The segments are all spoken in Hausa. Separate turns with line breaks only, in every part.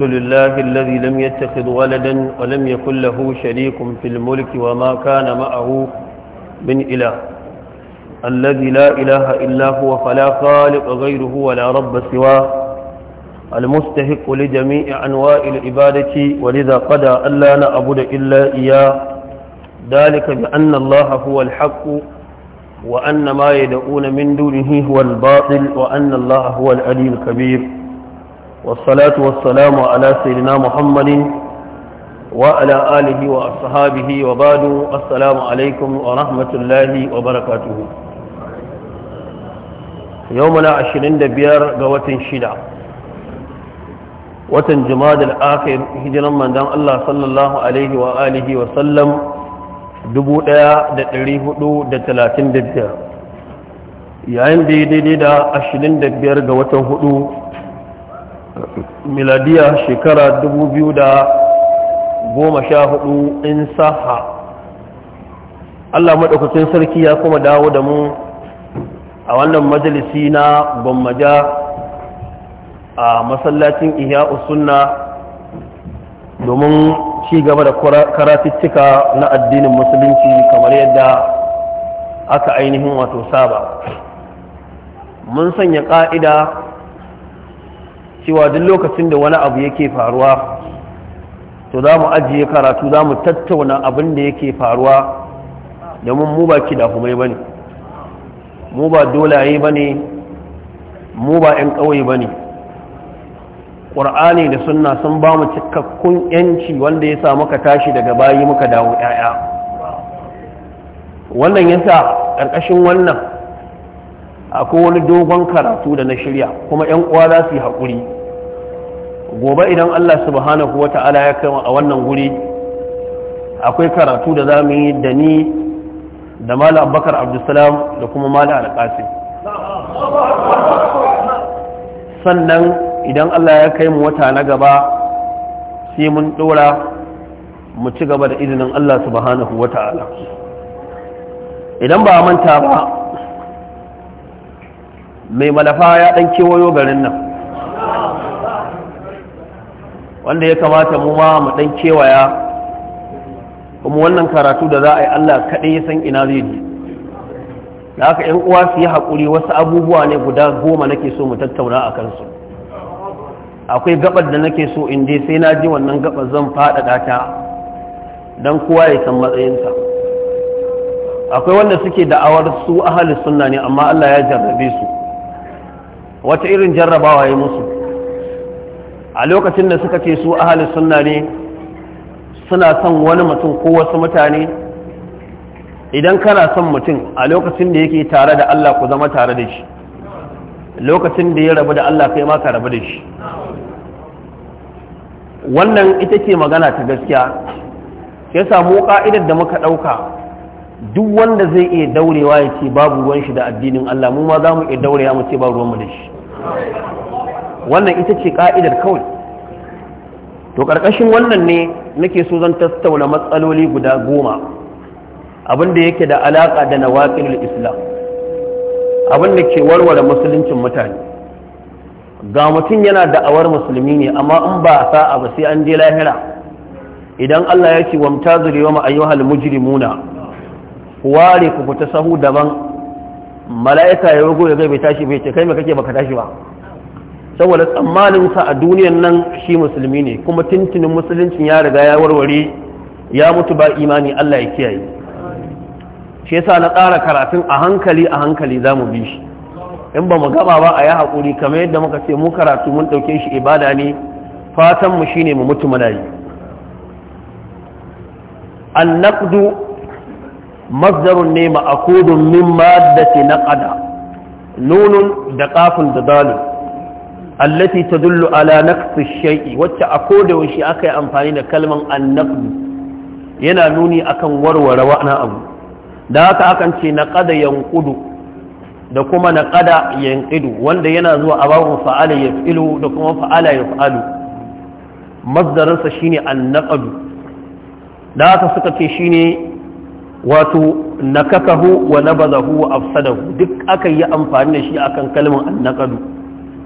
الحمد لله الذي لم يتخذ ولدا ولم يكن له شريك في الملك وما كان معه من إله الذي لا إله إلا هو فلا خالق غيره ولا رب سواه المستحق لجميع أنواع العبادة ولذا قضى ألا نعبد إلا إياه ذلك بأن الله هو الحق وأن ما يدعون من دونه هو الباطل وأن الله هو العلي الكبير والصلاة والسلام على سيدنا محمد وعلى آله وأصحابه وبعد السلام عليكم ورحمة الله وبركاته يومنا عشرين دبير قوة شدة watan da al'akhir hijiran manzan Allah sallallahu alaihi wa alihi wa sallam 1435 yayin da daidai da 25 ga watan hudu miladiya shekara da goma sha 2014 in saha Allah maɗaukacin sarki ya kuma dawo da mu a wannan majalisi na bammaja a masallacin iya sunna domin ci gaba da karatuttuka na addinin musulunci kamar yadda aka ainihin wato saba mun sanya ƙa'ida cewa duk lokacin da wani abu yake faruwa to za mu ajiye karatu za mu tattauna abin da yake faruwa domin mu ba ki da kuma ba ne mu ba dolaye ba ne mu ba 'yan ƙauye ba ne ƙwar'ani da suna sun ba mu cikakkun 'yanci wanda ya sa muka tashi daga bayi muka dawo 'ya'ya wannan ya sa ƙarƙashin wannan akwai wani dogon karatu da na shirya kuma 'yan uwa za su yi haƙuri gobe idan Allah subhanahu ta'ala ya kai a wannan guri akwai karatu da zamu yi da ni da Malam Abubakar Abdulsalam da kuma Malam alƙasi sannan idan Allah ya kai mu wata na gaba sai mun dora mu ci gaba da izinin Allah subhanahu ta'ala idan ba manta ba mai malafa ya ɗan kewayo garin nan wanda ya kamata mu ma mu dan kewaya kuma wannan karatu da za a yi Allah kaɗai ya san ina zai ji da haka ‘yan uwa su yi haƙuri wasu abubuwa ne guda goma nake so mu tattauna a kansu akwai gabar da nake so in dai sai na ji wannan gabar zan faɗaɗa ta dan kowa ya san matsayinsa akwai wanda suke da'awar su ahalin sunna ne amma Allah ya jarrabe su wata irin jarrabawa ya musu a lokacin da suka ce su ahali sunna ne suna son wani mutum ko wasu mutane idan kana son mutum a lokacin da yake tare da Allah ku zama tare da shi lokacin da ya rabu da Allah kai ma ka rabu da shi wannan ita ce magana ta gaskiya ya samu ka'idar da muka ɗauka duk wanda zai iya daurewa ya ce babu ruwan shi da addinin Allah mu ma za mu iya daurewa mu ce ba mu da shi wannan ita ce ka'idar kawai to ƙarƙashin wannan ne nake so zan tattauna matsaloli guda goma abinda yake da alaƙa da nawaƙilul islam abinda ke warware musuluncin mutane ga mutum yana da'awar musulmi ne amma in ba a sa'a ba sai an je lahira idan Allah ya ce wa mutazuri wa ma'ayyuhal mujrimuna ware ku ku ta sahu daban mala'ika ya rugu ya bai tashi bai ce kai me kake baka tashi ba saboda tsammaninsa a duniyan nan shi musulmi ne kuma tintinin musuluncin ya riga ya warware ya mutu ba imani Allah ya kiyaye shi yasa na tsara karatun a hankali a hankali zamu bi shi in ba mu gaba ba a yi haƙuri kamar yadda muka ce mu karatu mun ɗauke shi ibada ne fatan mu shine mu mutu mana yi an naƙdu masdarun ne ma'akudun min maddati naqada nunun da qafun da dalil allati tadullu ala naqsi shay'i wacce a koda yaushe aka yi amfani da kalman annaqd yana nuni akan warware wani abu da haka akan ce na naqada yanqudu da kuma na naqada yanqidu wanda yana zuwa a babun fa'ala yaf'ilu da kuma fa'ala yaf'alu masdarinsa shine annaqad da haka suka ce shine wato nakakahu wa nabadahu wa afsadahu duk aka yi amfani da shi akan kalmar annaqadu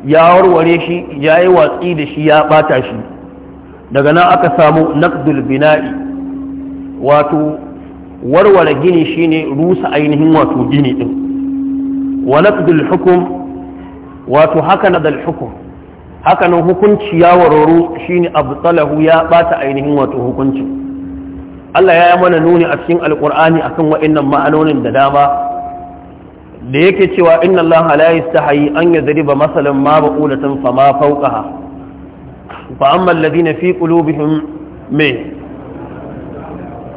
ya warware shi ya yi watsi da shi ya bata shi daga nan aka samu naqdul bina'i wato warware gini shine rusa ainihin wato gini din wa naqdul hukum wato haka na dal hukum haka nan hukunci ya wararo shine abtalahu ya ɓata ainihin wato hukunci Allah ya yi mana nuni a cikin alkur'ani akan wa'annan ma'anonin da dama da yake cewa inna Allah la yastahi an yadriba masalan ma ba'ulatan fama fawqaha fa amma alladhina fi qulubihim me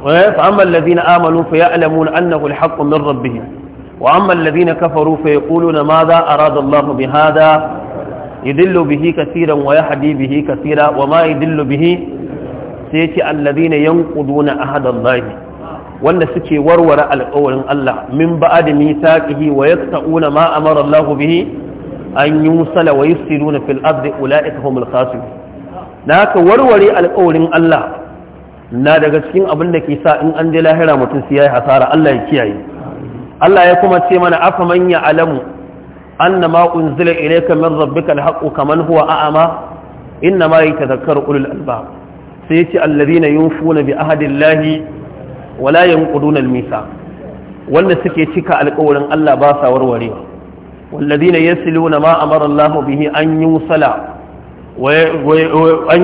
eh, fa amma alladhina amanu fa ya'lamuna annahu al-haqqu min rabbihim wa amma alladhina kafaru fa yaquluna madha arada Allah bi hadha yudillu bihi kaseeran wa yahdi bihi kaseera wa ma yudillu bihi sai yace alladhina yanquduna ahada Allah wanda suke warware alƙawarin Allah min ba'ad mithaqihi wa yaqta'una ma amara Allah bihi an yusala wa yufsiduna fil ardi ulaika humul khasirun da warware alƙawarin Allah na daga cikin abin da ke sa in an je lahira mutum su yayi hasara Allah ya kiyaye Allah ya kuma ce mana afa man ya alamu anna ma unzila ilayka min rabbika alhaqu kaman huwa a'ama inna ma yatadhakkaru ulul albab sai yace alladhina yunfuna bi Ahadillahi. wala yin ƙuduna misa wanda suke cika alƙawarin Allah ba sa warware wallazi na yasi luna ma a mara bihi an yi musala an yi na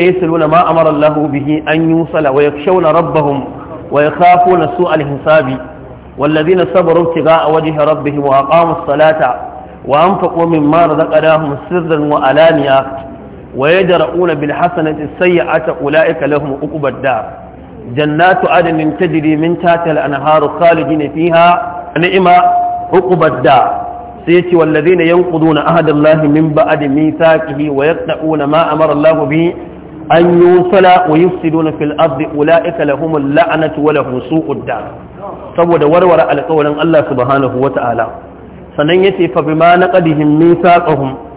yasi luna a mara Allah bihi an yi wa ya fi shauna rabbahun wa ya kafo na su alhisabi wallazi na sabarun ki ga a waje ha rabbihim wa a ƙamus salata wa an faƙo min mara zaƙa da hun sirrin wa alaniya wa yajra'una bil hasanati sayyi'ata ulaika lahum uqubad dar jannatu adnin tajri min tahtiha al-anharu khalidina fiha ni'ma uqubad dar sai yace wallazina na ahadallahi min ba'di mithaqihi wa yaqta'una ma amara Allahu bihi أن يوصل ويفسدون في الأرض أولئك لهم اللعنة ولهم سوء الدار saboda warware alƙawarin Allah subhanahu wata'ala sannan yace fa bima naqadihim mithaqahum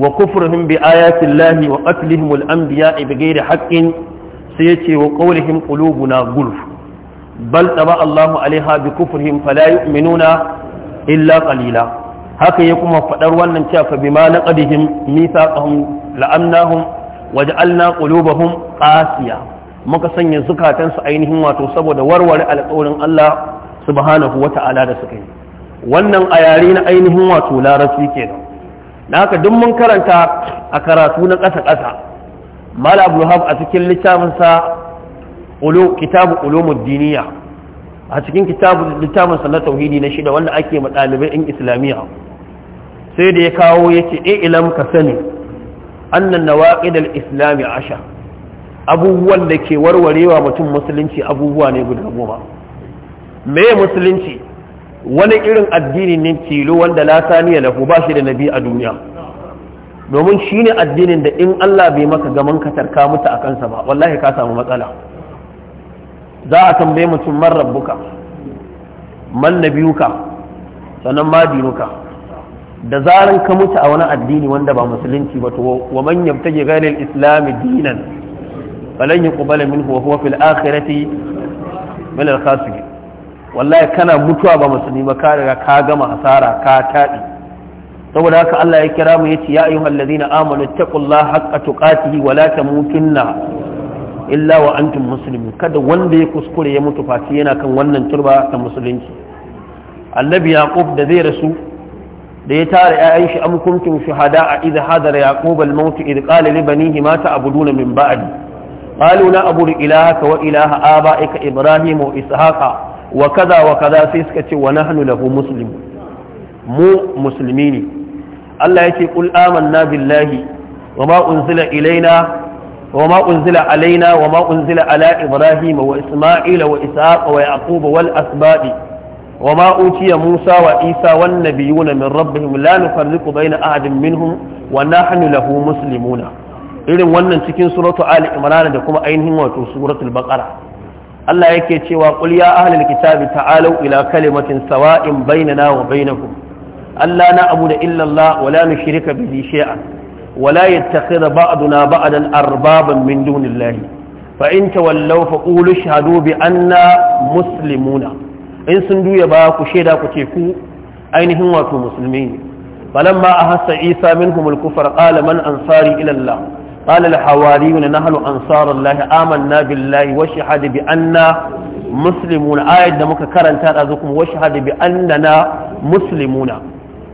wa kufruhum bi ayati llahi wa qatlihim al anbiya bi ghairi haqqin sai yace wa qawlihim na gulf bal taba Allahu alaiha bi kufrihim fala yu'minuna illa qalila haka ya kuma faɗar wannan cewa fa bima naqadihim mithaqahum la'annahum waja'alna qulubahum qasiya muka sanya zukatansu ainihin wato saboda warware alƙawarin Allah subhanahu wata'ala da suka yi wannan a yare na ainihin wato larabci kenan na haka duk mun karanta a karatu na ƙasa-ƙasa mala abu a cikin littafinsa kitabu ulumuddiniya a cikin kitabu littafinsa na tauhidi na shida wanda ake ɗalibai in islamiyya sai da ya kawo ya ce e, ilam ka sani annan na waƙidar islami asha abubuwan da ke warwarewa mutum musulunci abubuwa ne guda goma me musulunci wani irin addini ne tilo wanda la saniya ba shi da nabi a duniya domin shi ne addinin da in Allah bai maka gaman ka tarka mutu a kansa ba wallahi ka samu matsala za a tambaye mutum man rabbuka man nabiyuka sannan ma dinuka da zaran ka mutu a wani addini wanda ba musulunci ba to wa man yabtaji ghayra islam dinan falan yuqbala minhu wa huwa fil akhirati min al-khasirin wallahi kana mutuwa ba musulmi ba ka ka gama hasara ka taɗi saboda haka Allah ya kira mu yace ya ayyuhal ladina amanu taqullaha haqqa tuqatihi wa la tamutunna illa wa antum muslimun kada wanda ya kuskure ya mutu Fati yana kan wannan turba ta musulunci annabi yaqub da zai rasu da ya tara 'ya'yan shi am kuntum a idh hadara yaqub al-maut idh qala li banihi ma ta'buduna min ba'di قالوا نعبد إلهك وإله آبائك إبراهيم وإسحاق wa kaza wa kaza sai suka ce wa nahnu lahu muslim mu musulmi ne Allah yake kul amanna billahi wa ma unzila ilaina wa ma unzila alaina wa ma unzila ala ibrahim wa isma'ila wa ishaq wa yaqub wal asbadi wa ma utiya musa wa isa wan nabiyuna min rabbihim la nufarriqu baina ahadin minhum wa nahnu lahu muslimuna irin wannan cikin suratu ali imran da kuma ainihin wato suratul baqara Allah yake cewa qul ya ahlal kitabi ta'alu ila kalimatin sawa'in bainana wa bainakum alla na'budu illa Allah wa la nushrika bihi shay'an wa la yattakhidha ba'duna ba'adan arbaban min dunillahi fa in tawallaw fa qulu shahadu bi anna muslimuna in sun duya ba ku shaida ku ce ku ainihin wato musulmi ne falamma ahassa isa minhum al-kufra qala man ansari ila قال الحواريون نحن أنصار الله آمنا بالله وشهد بأننا مسلمون آية دمك كرن تارزكم وشهد بأننا مسلمون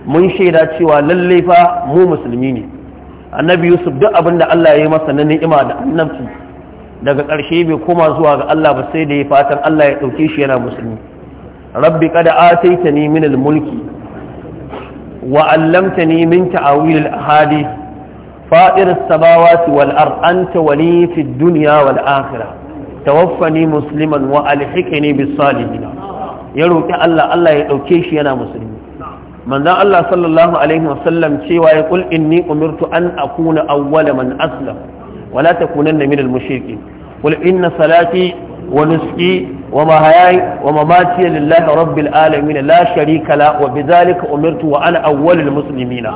من شهد شوى للفا مو مسلمين النبي يوسف دع أبن الله يمسى ننئما دع النبي daga ƙarshe bai koma zuwa ga Allah ba sai da ya fatan Allah ya ɗauke shi yana musulmi rabbi kada ataita ni min mulki wa allamta ni min ta'awil al-ahadith فائر السماوات والأرض أنت ولي في الدنيا والآخرة توفني مسلما وألحقني بالصالحين يروك الله الله يروكيش ينا مسلم من ذا الله صلى الله عليه وسلم شيوا يقول إني أمرت أن أكون أول من أسلم ولا تكونن من المشركين قل إن صلاتي ونسكي ومهاي ومماتي لله رب العالمين لا شريك له وبذلك أمرت وأنا أول المسلمين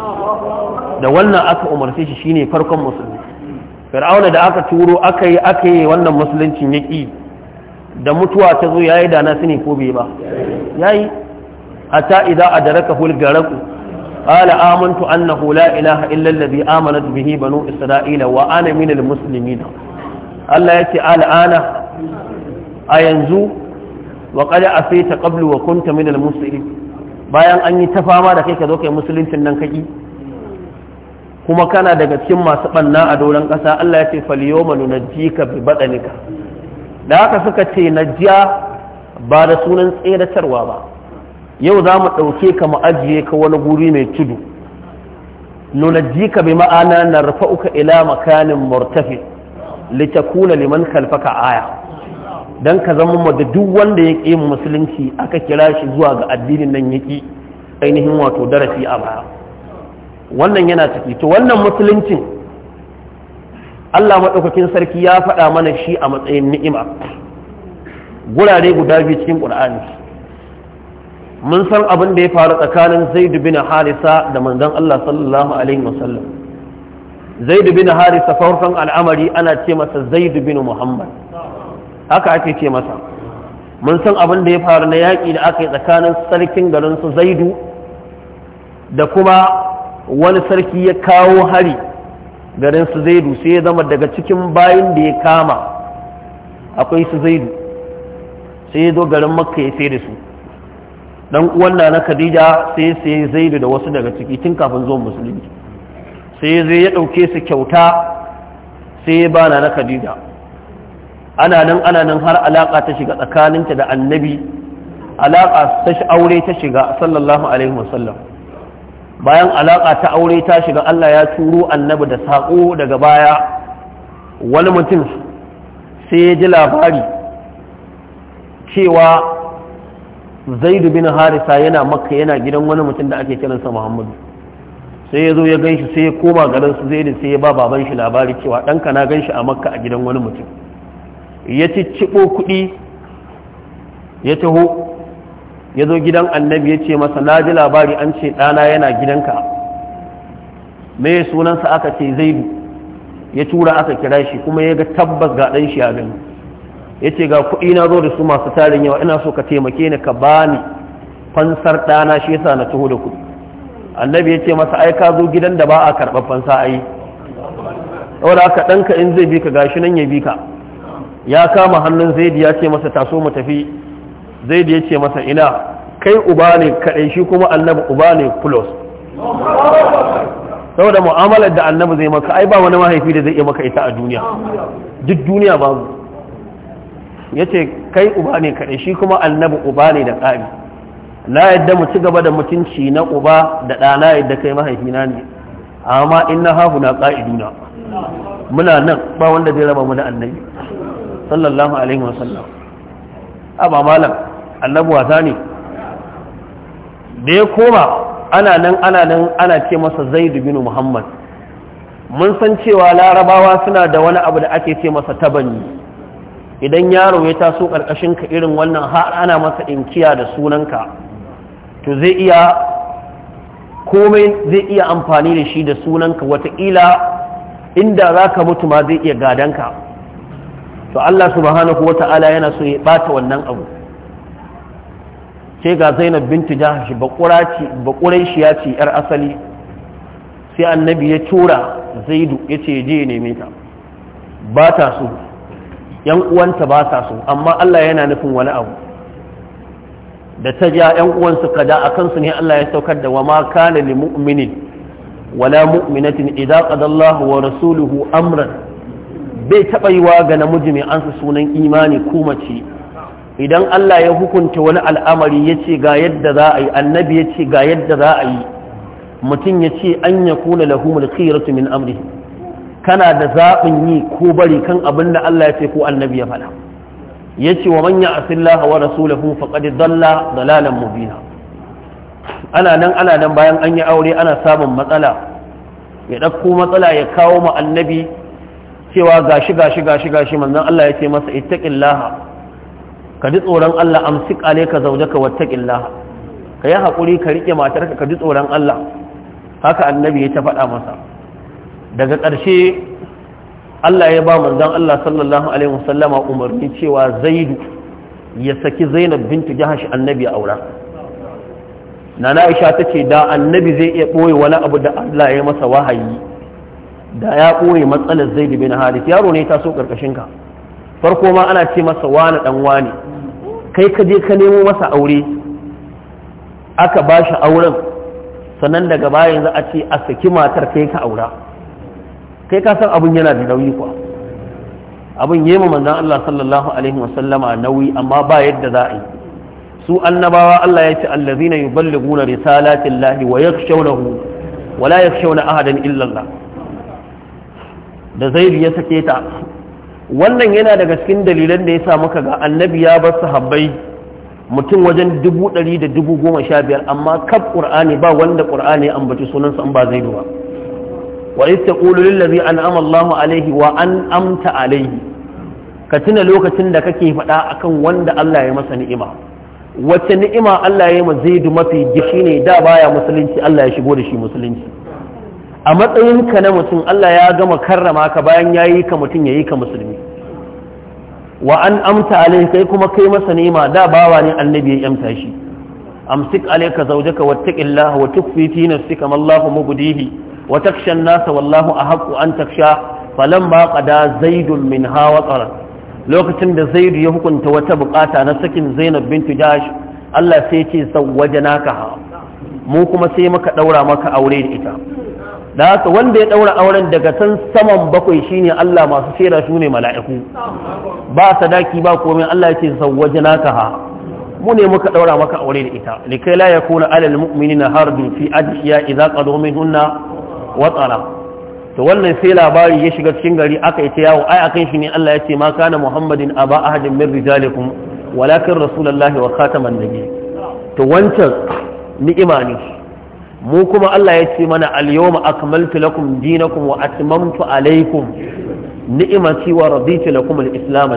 da wannan aka umarce shi shine farkon musulmi fir'auna da aka turo aka yi aka yi wannan musuluncin ya ƙi da mutuwa ta zo yayi da na sani ko bai ba yayi hatta idza adraka hul garaku qala amantu annahu la ilaha illa amanat bihi banu isra'ila wa ana min almuslimin Allah yace al'ana a yanzu wa qad afita qablu wa kunta min almuslimin bayan an yi ta fama da kai ka zo kai musuluncin nan kaki kuma kana daga cikin masu banna a doron ƙasa Allah ya ce falyoma nunajjika bi badanika da haka suka ce najja ba da sunan tseratarwa ba yau za mu ɗauke ka mu ajiye ka wani guri mai tudu nunajjika bi ma'ana na uka ila makanin murtafi litakuna liman khalfaka aya dan ka zama mu da duk wanda ya ƙi musulunci aka kira shi zuwa ga addinin nan yaki ainihin wato darasi a baya wannan yana ciki to wannan musuluncin Allah maɗaukakin sarki ya faɗa mana shi a matsayin ni'ima gurare guda biyu cikin ƙur'ani mun san abin da ya faru tsakanin zaid bin harisa da manzon Allah sallallahu alaihi wasallam zaid bin harisa farkon al'amari ana ce masa zaid bin muhammad haka ake ce masa mun san abin da ya faru na yaƙi da aka yi tsakanin sarkin garin su zaidu da kuma wani sarki ya kawo hari garin su zaidu sai ya zama daga cikin bayin da ya kama akwai su zaidu sai ya zo garin makka ya sai da su dan uwan na na khadija sai ya sai zaidu da wasu daga ciki tun kafin zuwan musulunci sai ya zai ya ɗauke su kyauta sai ya ba na khadija ana nan ana nan har alaƙa ta shiga tsakaninta da annabi alaƙa ta aure ta shiga sallallahu alaihi wasallam bayan alaka ta aure ta shiga Allah ya turo annabi da saƙo daga baya wani mutum sai ya ji labari cewa zaidu bin harisa yana makka yana gidan wani mutum da ake kiransa muhammadu sai ya zo ya gan shi sai ya koma garin su zaidu sai ya ba baban shi labari cewa ɗanka na gan shi a makka a gidan wani mutum ya ci ciɓo kuɗi ya taho ya zo gidan annabi ya ce masa na ji labari an ce ɗana yana gidanka me sunansa aka ce zaidu ya tura aka kira shi kuma ya ga tabbas ga ɗan shi a gani ya ce ga kuɗi na zo da su masu tarin yawa ina so ka taimake ni ka bani fansar ɗana shi yasa na taho da kuɗi annabi ya ce masa ai ka zo gidan da ba a karɓar fansa ai saboda haka ɗanka in zai bi ka gashi nan ya bi ka ya kama hannun zaidu ya ce masa taso mu tafi zai da ce masa ina kai uba ne kaɗai shi kuma annabi uba ne plus saboda mu'amalar da annabi zai maka ai ba wani mahaifi da zai iya maka ita a duniya duk duniya ba ya ce kai uba ne kaɗai shi kuma annabi uba ne da ƙari na yadda mu ci gaba da mutunci na uba da ɗana yadda kai mahaifina ne amma in na hafu na ƙa'iduna muna nan ba wanda zai raba mu da annabi sallallahu alaihi wasallam ba malam annabu wasa ne da ya koma ana nan ana nan ana ce masa zaid bin muhammad mun san cewa larabawa suna da wani abu da ake ce masa tabanni idan yaro ya taso ƙarƙashin ka irin wannan har ana masa inkiya da sunanka to zai iya komai zai iya amfani da shi da sunanka wataƙila inda za ka mutu ma zai iya gadanka to Allah subhanahu wata'ala yana so ya bata wannan abu sai ga Zainab binti Jahsh bakurai shi ya ce yar asali sai annabi ya tura Zaidu ya ce je ya neme ta ba ta so yan uwanta ba ta so amma Allah yana nufin wani abu da ta ja yan uwansu kada da akan ne Allah ya saukar da wa ma kana lil mu'minin wala mu'minatin idza qada Allahu wa rasuluhu amran bai taɓa yiwa ga namiji mai ansa sunan imani ko mace idan Allah ya hukunta wani al'amari ya ce ga yadda za a yi annabi ya ce ga yadda za a yi mutum ya ce an ya kuna lahumul khiratu min amri kana da zaɓin yi ko bari kan abin da Allah ya ce ko annabi ya faɗa ya ce wa manya asillaha wa rasulahu faqad dalla dalalan mubina ana nan ana nan bayan an yi aure ana samun matsala ya ɗauko matsala ya kawo mu annabi cewa gashi gashi gashi gashi manzon Allah ya ce masa ittaqillaha ka ji tsoron Allah amsik alayka zawjaka wattaqillaha ka yi hakuri ka rike matarka ka ji tsoron Allah haka annabi ya ta faɗa masa daga ƙarshe Allah ya ba manzon Allah sallallahu alaihi wasallama umarni cewa Zaidu ya saki Zainab bintu Jahash annabi a aura Nana Aisha tace da annabi zai iya ɓoye wani abu da Allah ya masa wahayi da ya ɓoye matsalar zai bin haris yaro ne ta so ƙarƙashinka. ka farko ma ana ce masa wani ɗan wani kai ka je ka nemo masa aure aka ba shi auren sannan daga bayan za a ce a saki matar kai ka aura kai ka san abin yana da nauyi kuwa abin yema manzan Allah sallallahu alaihi wasallama nauyi amma ba yadda za a yi su annabawa Allah ya ce allazina yuballighuna risalatillahi wa yakhshawnahu wala la yakhshawna ahadan illa Allah da zaidu ya sake ta wannan yana daga cikin dalilan da ya sa muka ga annabi ya bar sahabbai mutum wajen dubu ɗari da dubu goma sha biyar amma kaf ƙur'ani ba wanda ƙur'ani ambaci sunansa in ba zaidu ba wa ita ƙululun lazi an amallahu alaihi wa an amta alaihi ka tuna lokacin da kake faɗa akan wanda Allah ya masa ni'ima wacce ni'ima Allah ya yi ma zaidu mafi gishi ne da baya musulunci Allah ya shigo da shi musulunci a matsayinka na mutum Allah ya gama karrama ka bayan ya yi ka mutum ya yi ka musulmi wa an amta alai kai kuma kai masa nema da bawa ne annabi ya amta shi amsik alayka zawjaka wattaqillaha wa tukfi fi nafsika ma Allahu mubdihi wa taksha an-nas wallahu ahaqqu an taksha falamma qada zaidun minha wa tara lokacin da zaid ya hukunta wata bukata na sakin zainab bintu jahsh Allah sai ya ce zawwajanaka mu kuma sai muka daura maka aure da ita da haka wanda ya ɗaura auren daga can saman bakwai shine Allah masu shaida su ne mala'iku ba sadaki ba komai Allah ya ce zawwaje naka ha mu ne muka ɗaura maka aure da ita likai la yakuna alal mu'minina hardun fi adiya idza qadu minhunna wa tsara to wannan sai labari ya shiga cikin gari aka yi ta yawo ai akan shi ne Allah ya ce ma kana muhammadin aba ahadin min rijalikum walakin rasulullahi wa khataman nabi to wancan ni'ima ne mu kuma Allah ya ce mana al-yawma akmaltu lakum dinakum wa atmamtu alaykum ni'imati wa raditu lakum al-islam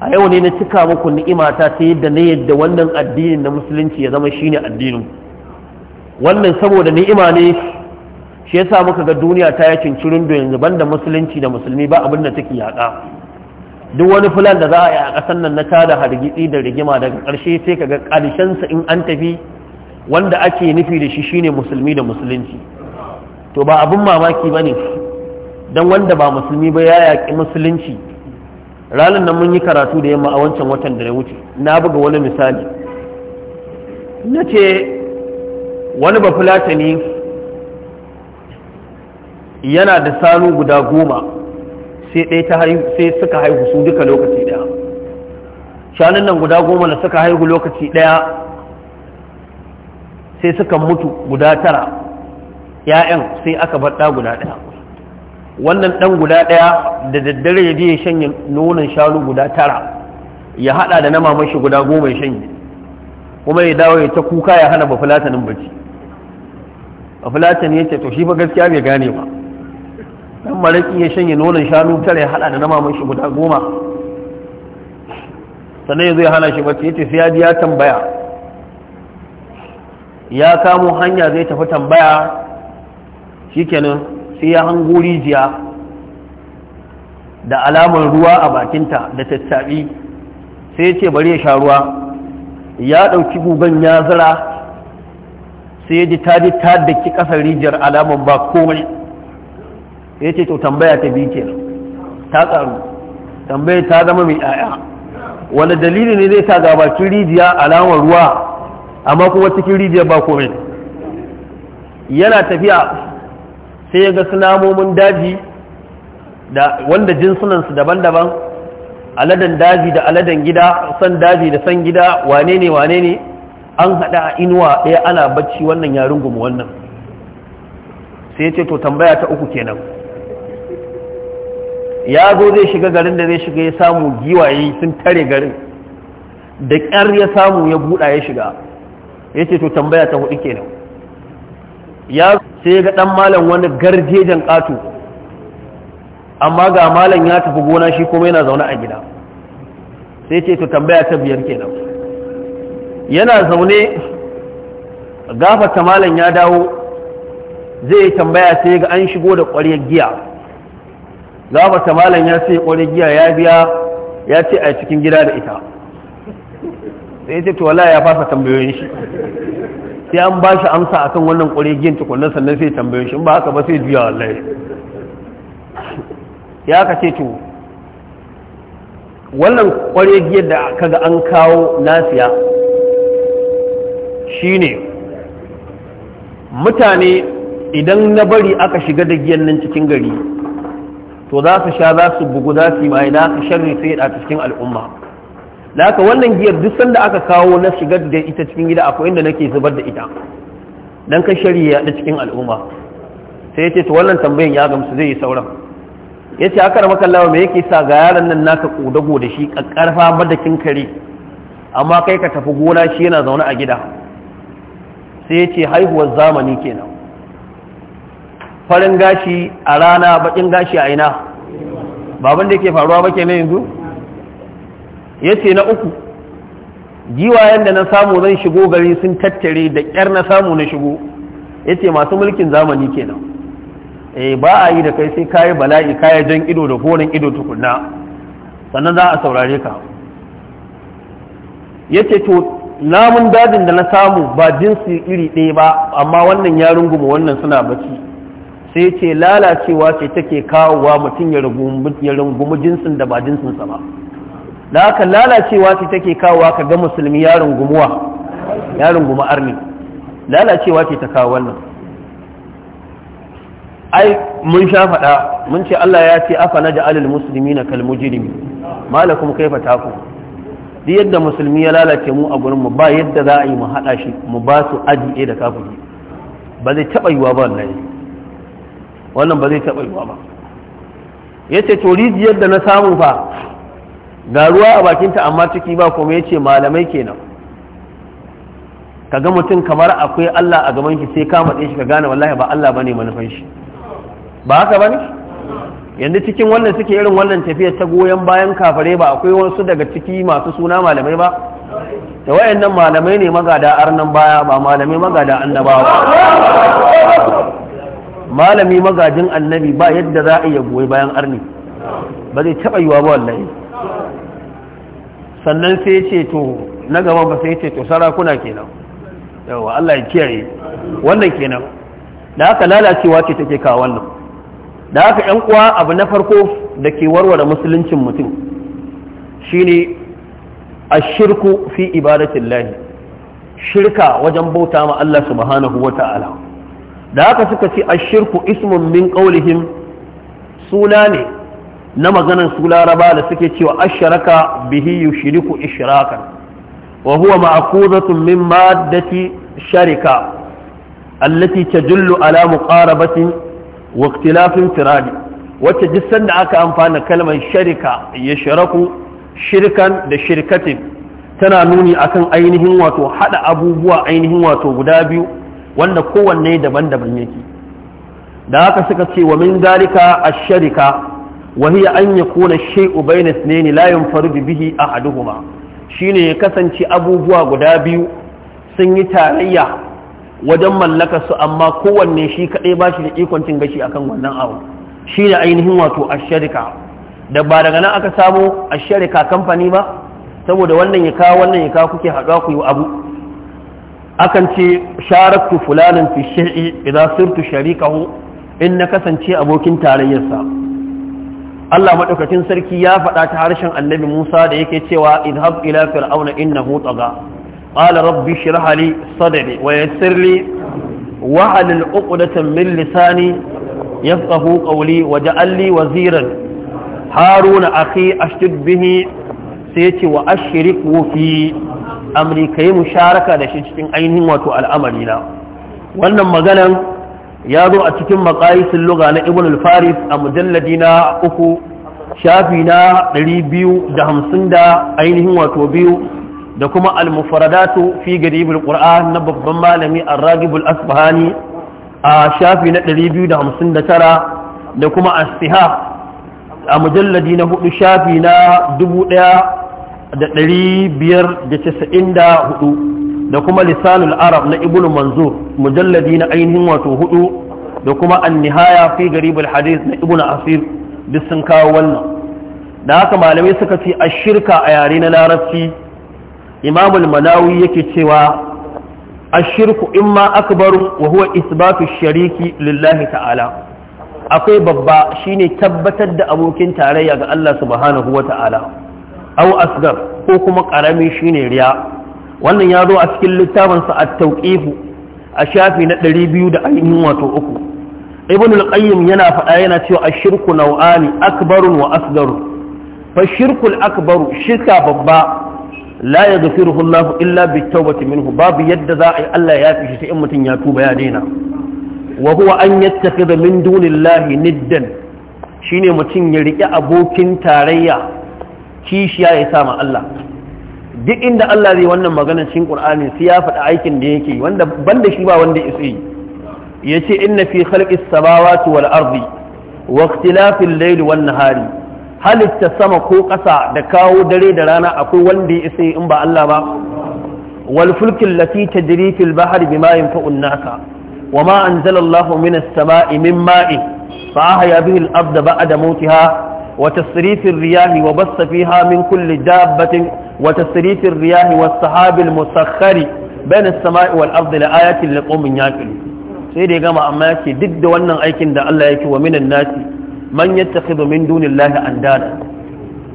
a yau ne na cika muku ni'imata ta yadda na yadda wannan addinin na musulunci ya zama shine addinin wannan saboda ni'ima ne shi yasa muka ga duniya ta yakin cincirin da yanzu banda musulunci da musulmi ba abin da take yaƙa duk wani fulan da za a yi a ƙasar nan na tada hargitsi da rigima daga ƙarshe sai ka ga ƙarshensa in an tafi wanda ake nufi da shi shine musulmi da musulunci to ba abin mamaki ba ne don wanda ba musulmi ba ya yaƙi musulunci ranar nan mun yi karatu da yamma a wancan watan da na wuce na buga wani misali na ce wani bafulatani yana da sanu guda goma sai suka haihu su duka lokaci ɗaya shanun nan guda goma da suka haihu lokaci ɗaya sai suka mutu guda tara ‘ya'yan sai aka baɗa guda ɗaya wannan ɗan guda ɗaya da daddare ya je ya shanye nonon shanu guda tara ya haɗa da na mamashi guda goma ya shanye kuma ya dawo ya ta kuka ya hana bafulatanin bacci bafulatan ya ce to shi fa gaskiya bai gane ba Ɗan maraƙi ya shanye nonon shanu tara ya haɗa da na mamashi guda goma sannan ya zo ya hana shi bacci yace sai ya tambaya ya kamo hanya zai tafi tambaya shikenan sai ya hango rijiya da alamar ruwa a bakinta da tattaɓi sai ce bari ya sha ruwa ya ɗauki guban ya zira sai ya ji ta ji ta da ki ƙasar rijiyar alamar ba komai ya ce to tambaya ta biyu kenan ta ƙaru tambaya ta zama mai 'ya'ya wani dalili ne zai sa gabakin rijiya alamar ruwa amma kuma cikin rijiyar ba komai yana tafiya sai ya ga sunamomin daji da wanda jinsunansu daban-daban aladan daji da aladan gida san daji da san gida wane ne wane ne an haɗa a inuwa ɗaya ana bacci wannan yarin gumu wannan sai ya ce to tambaya ta uku kenan ya zo zai shiga garin da zai shiga ya samu giwaye sun tare garin da ƙyar ya samu ya buɗa ya shiga yace to tambaya ta hudu kenan ya sai ga dan malam wani garjejen katu amma ga malam ya tafi gona shi kuma yana zaune a gida sai ce to tambaya ta biyar kenan yana zaune gafata malam ya dawo zai yi tambaya sai ga an shigo da ƙwarya giya gafata malam ya sai ƙwarya giya ya biya ya ce a cikin gida da ita sai ce to wallahi ya fasa tambayoyin shi sai an ba shi amsa akan wannan ƙuregiyan tukunan sannan sai tambayoyin shi ba haka ba sai juya wallahi ya ka ce to wannan giyan da kaga an kawo nasiya shine mutane idan na bari aka shiga da giyan nan cikin gari to za su sha za su bugu za su yi mai na sharri sai da cikin al'umma da haka wannan giyar duk sanda aka kawo na shigar da ita cikin gida akwai inda nake zubar da ita dan ka shari'a da cikin al'umma sai yace to wannan tambayan ya gamsu zai yi sauran yace aka rama kallawa me yake sa ga yaran nan naka kodago da shi kakkarfa madakin kare amma kai ka tafi gona shi yana zaune a gida sai yace haihuwar zamani kenan farin gashi a rana bakin gashi a ina baban da yake faruwa ba kenan yanzu yace na uku giwayen da na samu zan shigo gari sun tattare da ƙyar na samu na shigo yace masu mulkin zamani kenan eh ba a yi da kai sai kayi bala'i kayi jan ido da horin ido tukunna sannan za a saurare ka yace to namun dajin da na samu ba jinsi iri ɗaya ba amma wannan ya runguma wannan suna bacci sai ce lalacewa ce take kawowa mutum ya rungumi jinsin da ba jinsinsa ba da haka lalacewa ce take kawowa ka ga musulmi yaron gumuwa yaron guma arni lalacewa ce ta kawo wannan ai mun sha faɗa mun ce Allah ya ce afa na ja'alil musulmi na kalmujirimi malakum kaifa taku duk yadda musulmi ya lalace mu a gurin mu ba yadda za a yi mu haɗa shi mu ba su ajiye da kafu ba zai taɓa yiwa ba wallahi wannan ba zai taɓa yiwa ba yace to rijiyar da na samu fa ga ruwa a bakinta amma ciki ba kuma ya ce malamai kenan kaga mutum kamar akwai Allah a gaban shi sai kama matse shi ka gane wallahi ba Allah bane manufan shi ba haka bane yadda cikin wannan suke irin wannan tafiyar ta goyon bayan kafare ba akwai wasu daga ciki masu suna malamai ba da wayannan malamai ne magada arnan baya ba malamai magada annabawa malami magajin annabi ba yadda za a iya goyi bayan arni ba zai taɓa yiwa ba wallahi sannan sai ce to na gaba ba sai ce to sarakuna kenan yawa Allah ya kiyaye wannan kenan da haka lalacewa ce take kawo wannan da haka ƴan uwa abu na farko da ke warware musuluncin mutum shine ashirku fi ibadatillahi shirka wajen bauta ma Allah subhanahu wata'ala da haka suka ce ashirku ismun min qaulihim suna ne na maganan su laraba da suke cewa asharaka bihi yushriku ishrakan wa huwa ma'khuzatun min maddati sharika allati tajullu ala muqarabatin wa ikhtilafin firadi wacce duk sanda aka amfana kalmar sharika ya sharaku shirkan da shirkatin tana nuni akan ainihin wato hada abubuwa ainihin wato guda biyu wanda kowanne daban-daban yake da haka suka ce wa min dalika ash وهي أن يكون الشيء بين اثنين لا ينفرد به أحدهما shine ya kasance abubuwa guda biyu sun yi tarayya wajen mallaka su amma kowanne shi kaɗai ba shi da ikon cin gashi akan wannan abu shi ne ainihin wato asharika da ba daga nan aka a asharika kamfani ba saboda wannan ya kawo wannan ya kuke haɗuwa ku yi abu akan ce sharaktu fulanin fi shir'i idan sirtu sharikahu in na kasance abokin tarayyarsa Allah madaukakin sarki ya faɗa ta harshen annabi Musa da yake cewa idhab ila fir'auna innahu tagha qala rabbi shrah li sadri wa yassir li wa halil uqdatan min lisani yafqahu qawli wa ja'al li waziran haruna akhi ashdid bihi sai yace wa ashriku fi amri kai musharaka da shi cikin ainihin wato al'amari na wannan maganan ya zo a cikin maqayisul luga na ibn al-faris a mujalladi na uku shafi na biyu da ainihin wato biyu da kuma al-mufradatu fi garibul qur'an na babban malami ar ragibul asbahani a shafi na biyu da kuma as a mujalladi na hudu shafi na hudu. da kuma lisanul arab na ibnu manzur mujalladi na ainihin wato hudu da kuma an-nihaya fi garibul hadith na ibnu asir duk sun kawo wannan da haka malamai suka ce a shirka a yare na larabci imamul manawi yake cewa ashirku imma akbaru wa huwa isbatu shariki lillahi ta'ala akwai babba shine tabbatar da abokin tarayya ga Allah subhanahu wa ta'ala Au asgar ko kuma karami shine riya wannan ya zo a cikin littafinsa a tauƙifu a shafi na ɗari biyu da wato uku ibn al-qayyim yana faɗa yana cewa shirku nau'ani akbarun wa asgaru fa shirkul akbaru shirka babba la yaghfiruhu Allah illa bi tawbati minhu babu yadda za a yi Allah ya fi shi sai in mutum ya tuba ya daina wa huwa an yattakhidha min dunillahi niddan shine mutum ya riƙe abokin tarayya kishiya ya sama Allah duk inda Allah zai wannan maganar cikin Qur'ani sai ya faɗa aikin da yake wanda banda shi ba wanda isa yi yace inna fi khalqis samawati wal ardi wa ikhtilafil layli wan nahari halitta sama ko ƙasa da kawo dare da rana akwai wanda isa in ba Allah ba wal fulkil lati tajri fil bahri bima yanfa'u an-nasa wama anzala Allahu minas sama'i min ma'in fa ahya bihi al-ardha ba'da mawtiha وتصريف الرياح وبث فيها من كل دابة وتصريف الرياح والسحاب المسخر بين السماء والأرض لآيات لقوم يعقلون سيدي جماعة أما duk da wannan aikin da Allah yake wa minan nasi man yattakhidhu min an dada.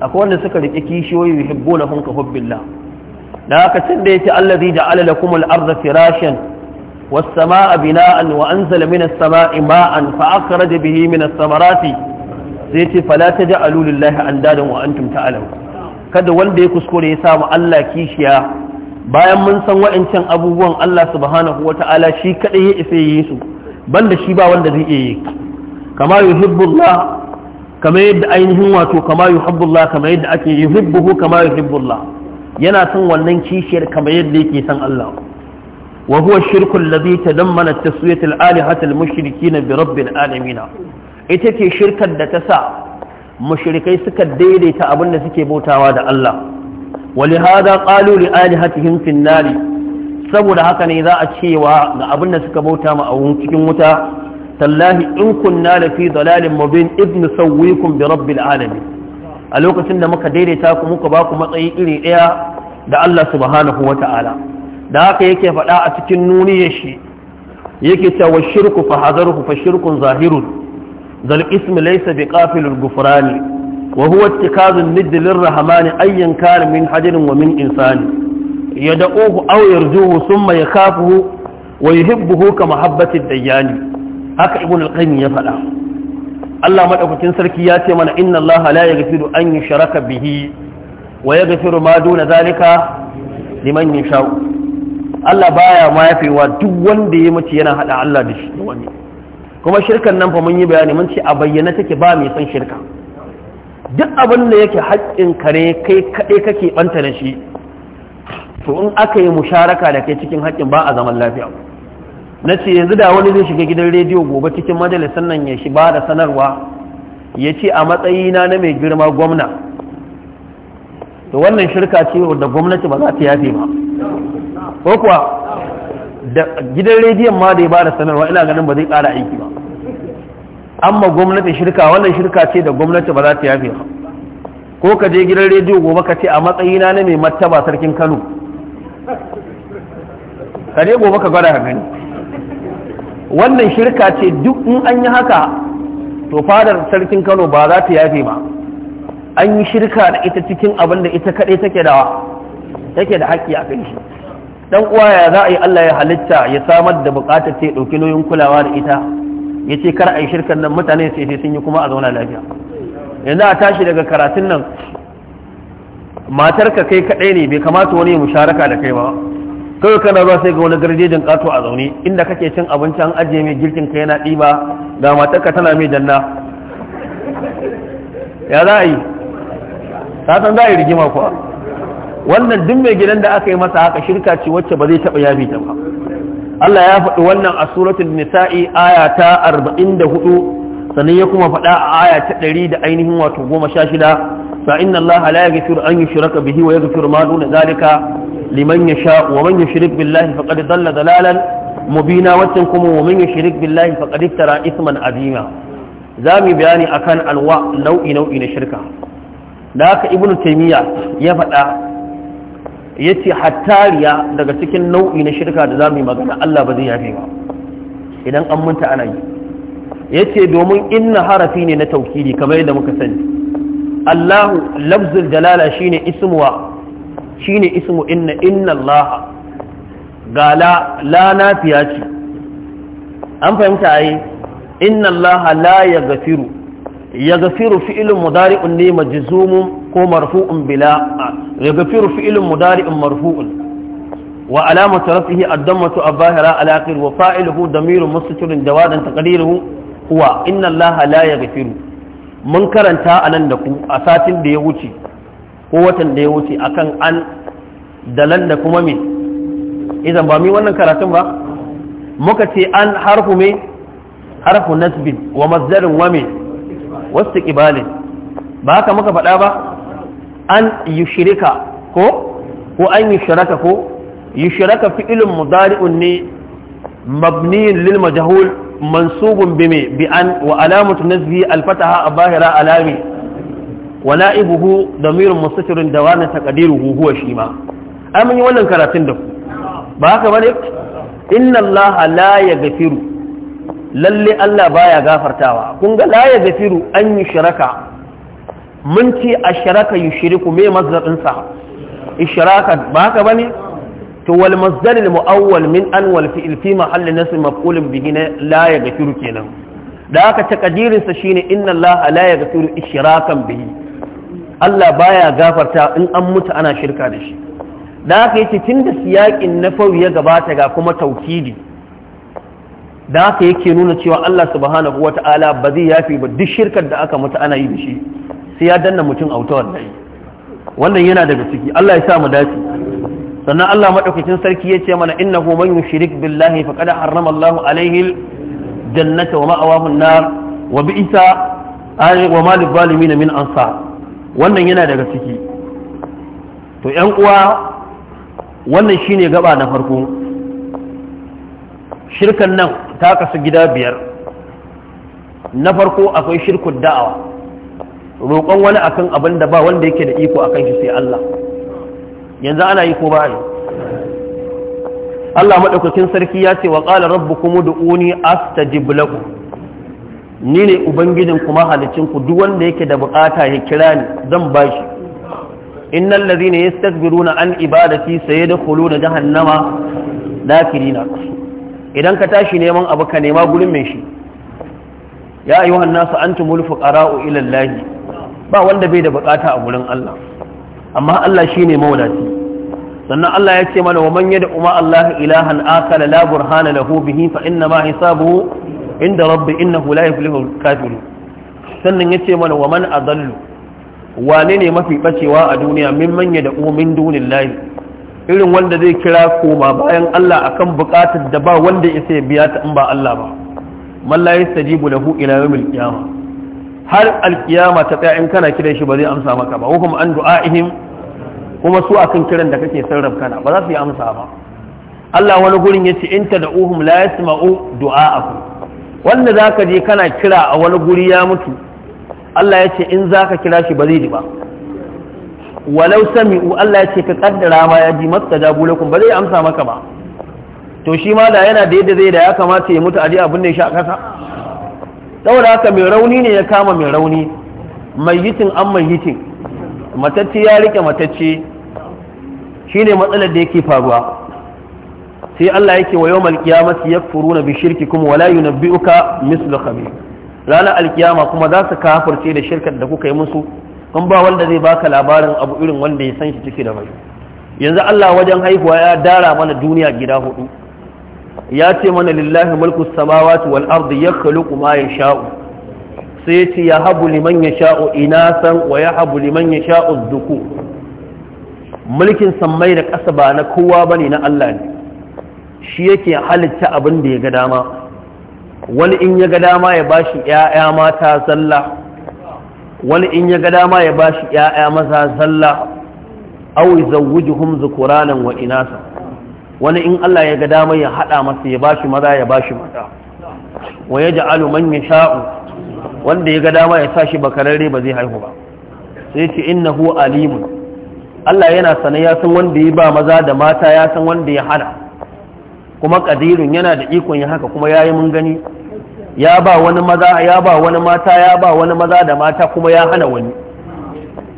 akwai wanda suka rike kishiyoyi yuhibbunahum ka hubbillah da haka tun da yake allazi ja'ala kuma al firashin. firashan was-samaa'a bina'an wa anzala minas sama'i ma'an fa da bihi minas samarati sai ce fala ta ja alulillahi an dadan wa antum ta'alam kada wanda ya kuskure ya samu Allah kishiya bayan mun san wa'ancan abubuwan Allah subhanahu wa ta'ala shi kadai ya isa yi su banda shi ba wanda zai iya yi kama yuhibbullah kama yadda ainihin wato kama yuhibbullah kama yadda ake yuhibbuhu kama yuhibbullah yana son wannan kishiyar kama yadda yake san Allah wa huwa shirkul ladhi tadammana taswiyatul alihati al mushrikin bi rabbil alamin ita ce shirkar da ta sa mushrikai suka daidaita abin da suke bautawa da Allah wali hada qalu li alihatihim fin nari saboda haka ne za a cewa ga abin da suka bauta ma a cikin wuta tallahi in kunna la fi dalalin mubin ibn sawwikum bi rabbil alamin a lokacin da muka daidaita ku muka ba ku matsayi iri daya da Allah subhanahu wata'ala da haka yake faɗa a cikin nuniyar shi yake cewa shirku fa hazaruhu fa shirkun zahirun zal ismi laysa bi gufrani wa huwa ittikazun nidd lirrahmani ayyan insani yad'uhu aw yarjuhu thumma yakhafuhu wa dayani haka ibn al-qayyim ya faɗa Allah madaukakin sarki ya ce mana inna Allah la yaghfiru an yushraka bihi wa yaghfiru ma duna zalika liman yasha Allah baya ma duk wanda ya mace yana hada Allah da shi wani kuma shirkan nan fa mun yi bayani mun ce a bayyana take ba mai san shirka duk abin da yake haƙƙin kare kai kaɗai kake ɓanta na shi to in aka yi musharaka da kai cikin haƙƙin ba a zaman lafiya na ce yanzu da wani zai shiga gidan rediyo gobe cikin majalisar nan ya shi ba da sanarwa ya ce a matsayina na mai girma gwamna to wannan shirka ce da gwamnati ba za ta yafe ba ko kuwa gidan rediyon ma da ya bada sanarwa ina ganin ba zai kara aiki ba amma gwamnati shirka wannan shirka ce da gwamnati ba za ta yafe ba ko ka je gidan rediyo gobe ka ce a matsayina na mai martaba sarkin kano
ka je gobe ka gwada ka gani wannan shirka ce duk in an yi haka
to fadar sarkin kano ba za ta yafe ba an yi shirka da ita cikin abin da ita kaɗai take da take da haƙƙi a kai shi dan uwa ya za a yi Allah ya halitta ya samar da bukatar ta dauki nauyin kulawa da ita ya ce kar a yi shirkan nan mutane sai sai sun yi kuma a zauna lafiya yanzu a tashi daga karatun nan matarka kai kaɗai ne bai kamata wani musharaka da kai ba kawai kana zuwa sai ga wani garjejin kato a zaune inda kake cin abinci an ajiye mai girkin ka yana ɗiba ga matarka tana mai janna ya za a yi ta san za a yi rigima kuwa wannan duk mai gidan da aka yi masa haka shirka ce wacce ba zai taɓa yabi ta ba Allah ya faɗi wannan a suratul nisa'i aya ta 44 sannan ya kuma faɗa a aya ta 100 da ainihin wato 16 fa inna Allah la yaghfiru an yushraka bihi wa yaghfiru ma duna zalika liman yasha wa man yushrik billahi faqad dalla dalalan mubina waccan kuma wa man yushrik billahi faqad iftara isman azima zamu bayani akan alwa nau'i nau'i na shirka da haka ibnu taymiya ya faɗa ya ce hattariya daga cikin nau'i na shirka da za mu yi magana Allah ba zai yafe ba idan an munta ana yi ya ce domin inna harafi ne na taukidi kamar yadda muka sani Allahu labzul jalala ne ismuwa shine ismu inna inna Allah gala la nafiya ce an fahimta yi, inna Allah la ya gafiru. yaghfiru fi'lun mudari'un ne majzumun ko marfu'un bila yaghfiru fi'lun mudari'un marfu'un wa alamatu rafihi ad-dammatu abahira ala akhir wa fa'iluhu damirun mustatirun jawadan taqdiruhu huwa inna allaha la yaghfiru mun karanta anan da ku a satin da ya wuce ko watan da ya wuce akan an dalan da kuma me idan ba mi wannan karatun ba muka ce an harfu me harfu nasbin wa mazdarin wa me wasu ƙibalin ba haka muka faɗa ba an yi shirika ko ko an yi shiraka ko yi shiraka mudari'un ne mabniyin lil majahul mansubun bi bi an wa alamatu nazbi alfataha a bahira alami wa na'ibuhu damirun mustatirun da wani taqdiruhu huwa shi ma an yi wannan karatun da ku ba haka bane inna allaha la yaghfiru lalle Allah baya gafartawa kun ga la yaghfiru an yushraka mun ce ashraka yushriku me mazdarin sa ishraka ba haka bane to wal masdar muawwal min an wal fi'l fi mahall nasb maf'ul bihi la yaghfiru kenan da haka takadirin sa shine inna Allah la yaghfiru ishrakan bihi Allah baya gafarta in an mutu ana shirka da shi da haka yace tunda siyakin nafawi ya gabata ga kuma tauhidi da haka yake nuna cewa Allah subhanahu wa ta'ala ba zai yafi ba duk shirkar da aka mutu ana yi da shi sai ya danna mutum auta wallahi wannan yana daga ciki Allah ya sa mu dace sannan Allah madaukakin sarki ya ce mana innahu man yushrik billahi faqad harrama Allah alaihi aljannata wa ma'awahu an-nar wa bi isa, wa mal zalimin min ansar wannan yana daga ciki to yan uwa wannan shine gaba na farko shirkan nan ta kasu gida biyar na farko akwai shirkun da'awa roƙon wani akan abin da ba wanda yake da iko akan shi sai Allah yanzu ana yi ko ba ne. Allah maɗaukakin sarki ya ce wa ƙala rabbukum ud'uni astajib lakum ni ne ubangijin kuma halicin ku duk wanda yake da bukata ya kira ni zan bashi innal ladhina yastakbiruna an ibadati sayadkhuluna jahannama dakirina idan ka tashi neman abu ka nema gurin mai shi ya ayi an nasu an tumul fuqara'u ila Allah ba wanda bai da bukata a gurin Allah amma Allah shine mawlaci sannan Allah ya ce mana wa man yad'u ma Allah ilahan akala la burhana lahu bihi fa inna ma hisabuhu inda rabbi innahu la yuflihul kafirun sannan ya ce mana wa man adallu wane ne mafi bacewa a duniya mimman yad'u min dunillahi irin wanda zai kira koma bayan Allah akan buƙatar da ba wanda ya biya ta in ba Allah ba man la yastajibu lahu ila yawmil qiyamah har alkiyama ta tsaya in kana kiran shi ba zai amsa maka ba hukum an du'a'ihim kuma su akan kiran da kake sarrafa kana ba za su yi amsa ba Allah wani gurin yace in tad'uhum la yasma'u du'a'akum wanda zaka je kana kira a wani guri ya mutu Allah yace in zaka kira shi ba zai ji ba walau sami'u Allah ya ce ka kaddara ma ya ji masu jabu ba zai amsa maka ba to shi ma da yana da yadda zai da ya kamata ya mutu aje abin da ya sha kasa saboda haka mai rauni ne ya kama mai rauni mai yitin an mai yitin matacce ya rike matacce shine matsalar da yake faruwa sai Allah yake wa yawmal qiyamati yakfuruna bi shirkikum wa la yunabbi'uka mislu khabir ranar alkiyama kuma za su kafirce da shirkar da kuka yi musu kan ba wanda zai baka labarin abu irin wanda ya san shi ciki da mai yanzu Allah wajen haihuwa ya dara mana duniya gida hudu ya ce mana lillahi mulku samawati wal ardi yakhluqu ma yasha'u sai ya ce ya habu liman yasha'u inasan wa ya habu liman yasha'u dhuku mulkin sammai da ƙasa ba na kowa bane na Allah ne shi yake halitta abin da ya ga dama wani in ya ga dama ya bashi ƴaƴa mata sallah wani in ya ga dama ya bashi 'ya'ya maza zalla aw yuzawwijuhum zukuranan wa inasa wani in Allah ya ga dama ya hada masa ya bashi maza ya bashi mata wa yaj'alu man yasha'u wanda ya ga dama ya sashi bakararre ba zai haihu ba sai ce innahu alimu. Allah yana sane ya san wanda ya ba maza da mata ya san wanda ya hada kuma kadirun yana da ikon ya haka kuma yayi mun gani ya ba wani maza ya ba wani mata ya ba wani maza da mata kuma ya hana wani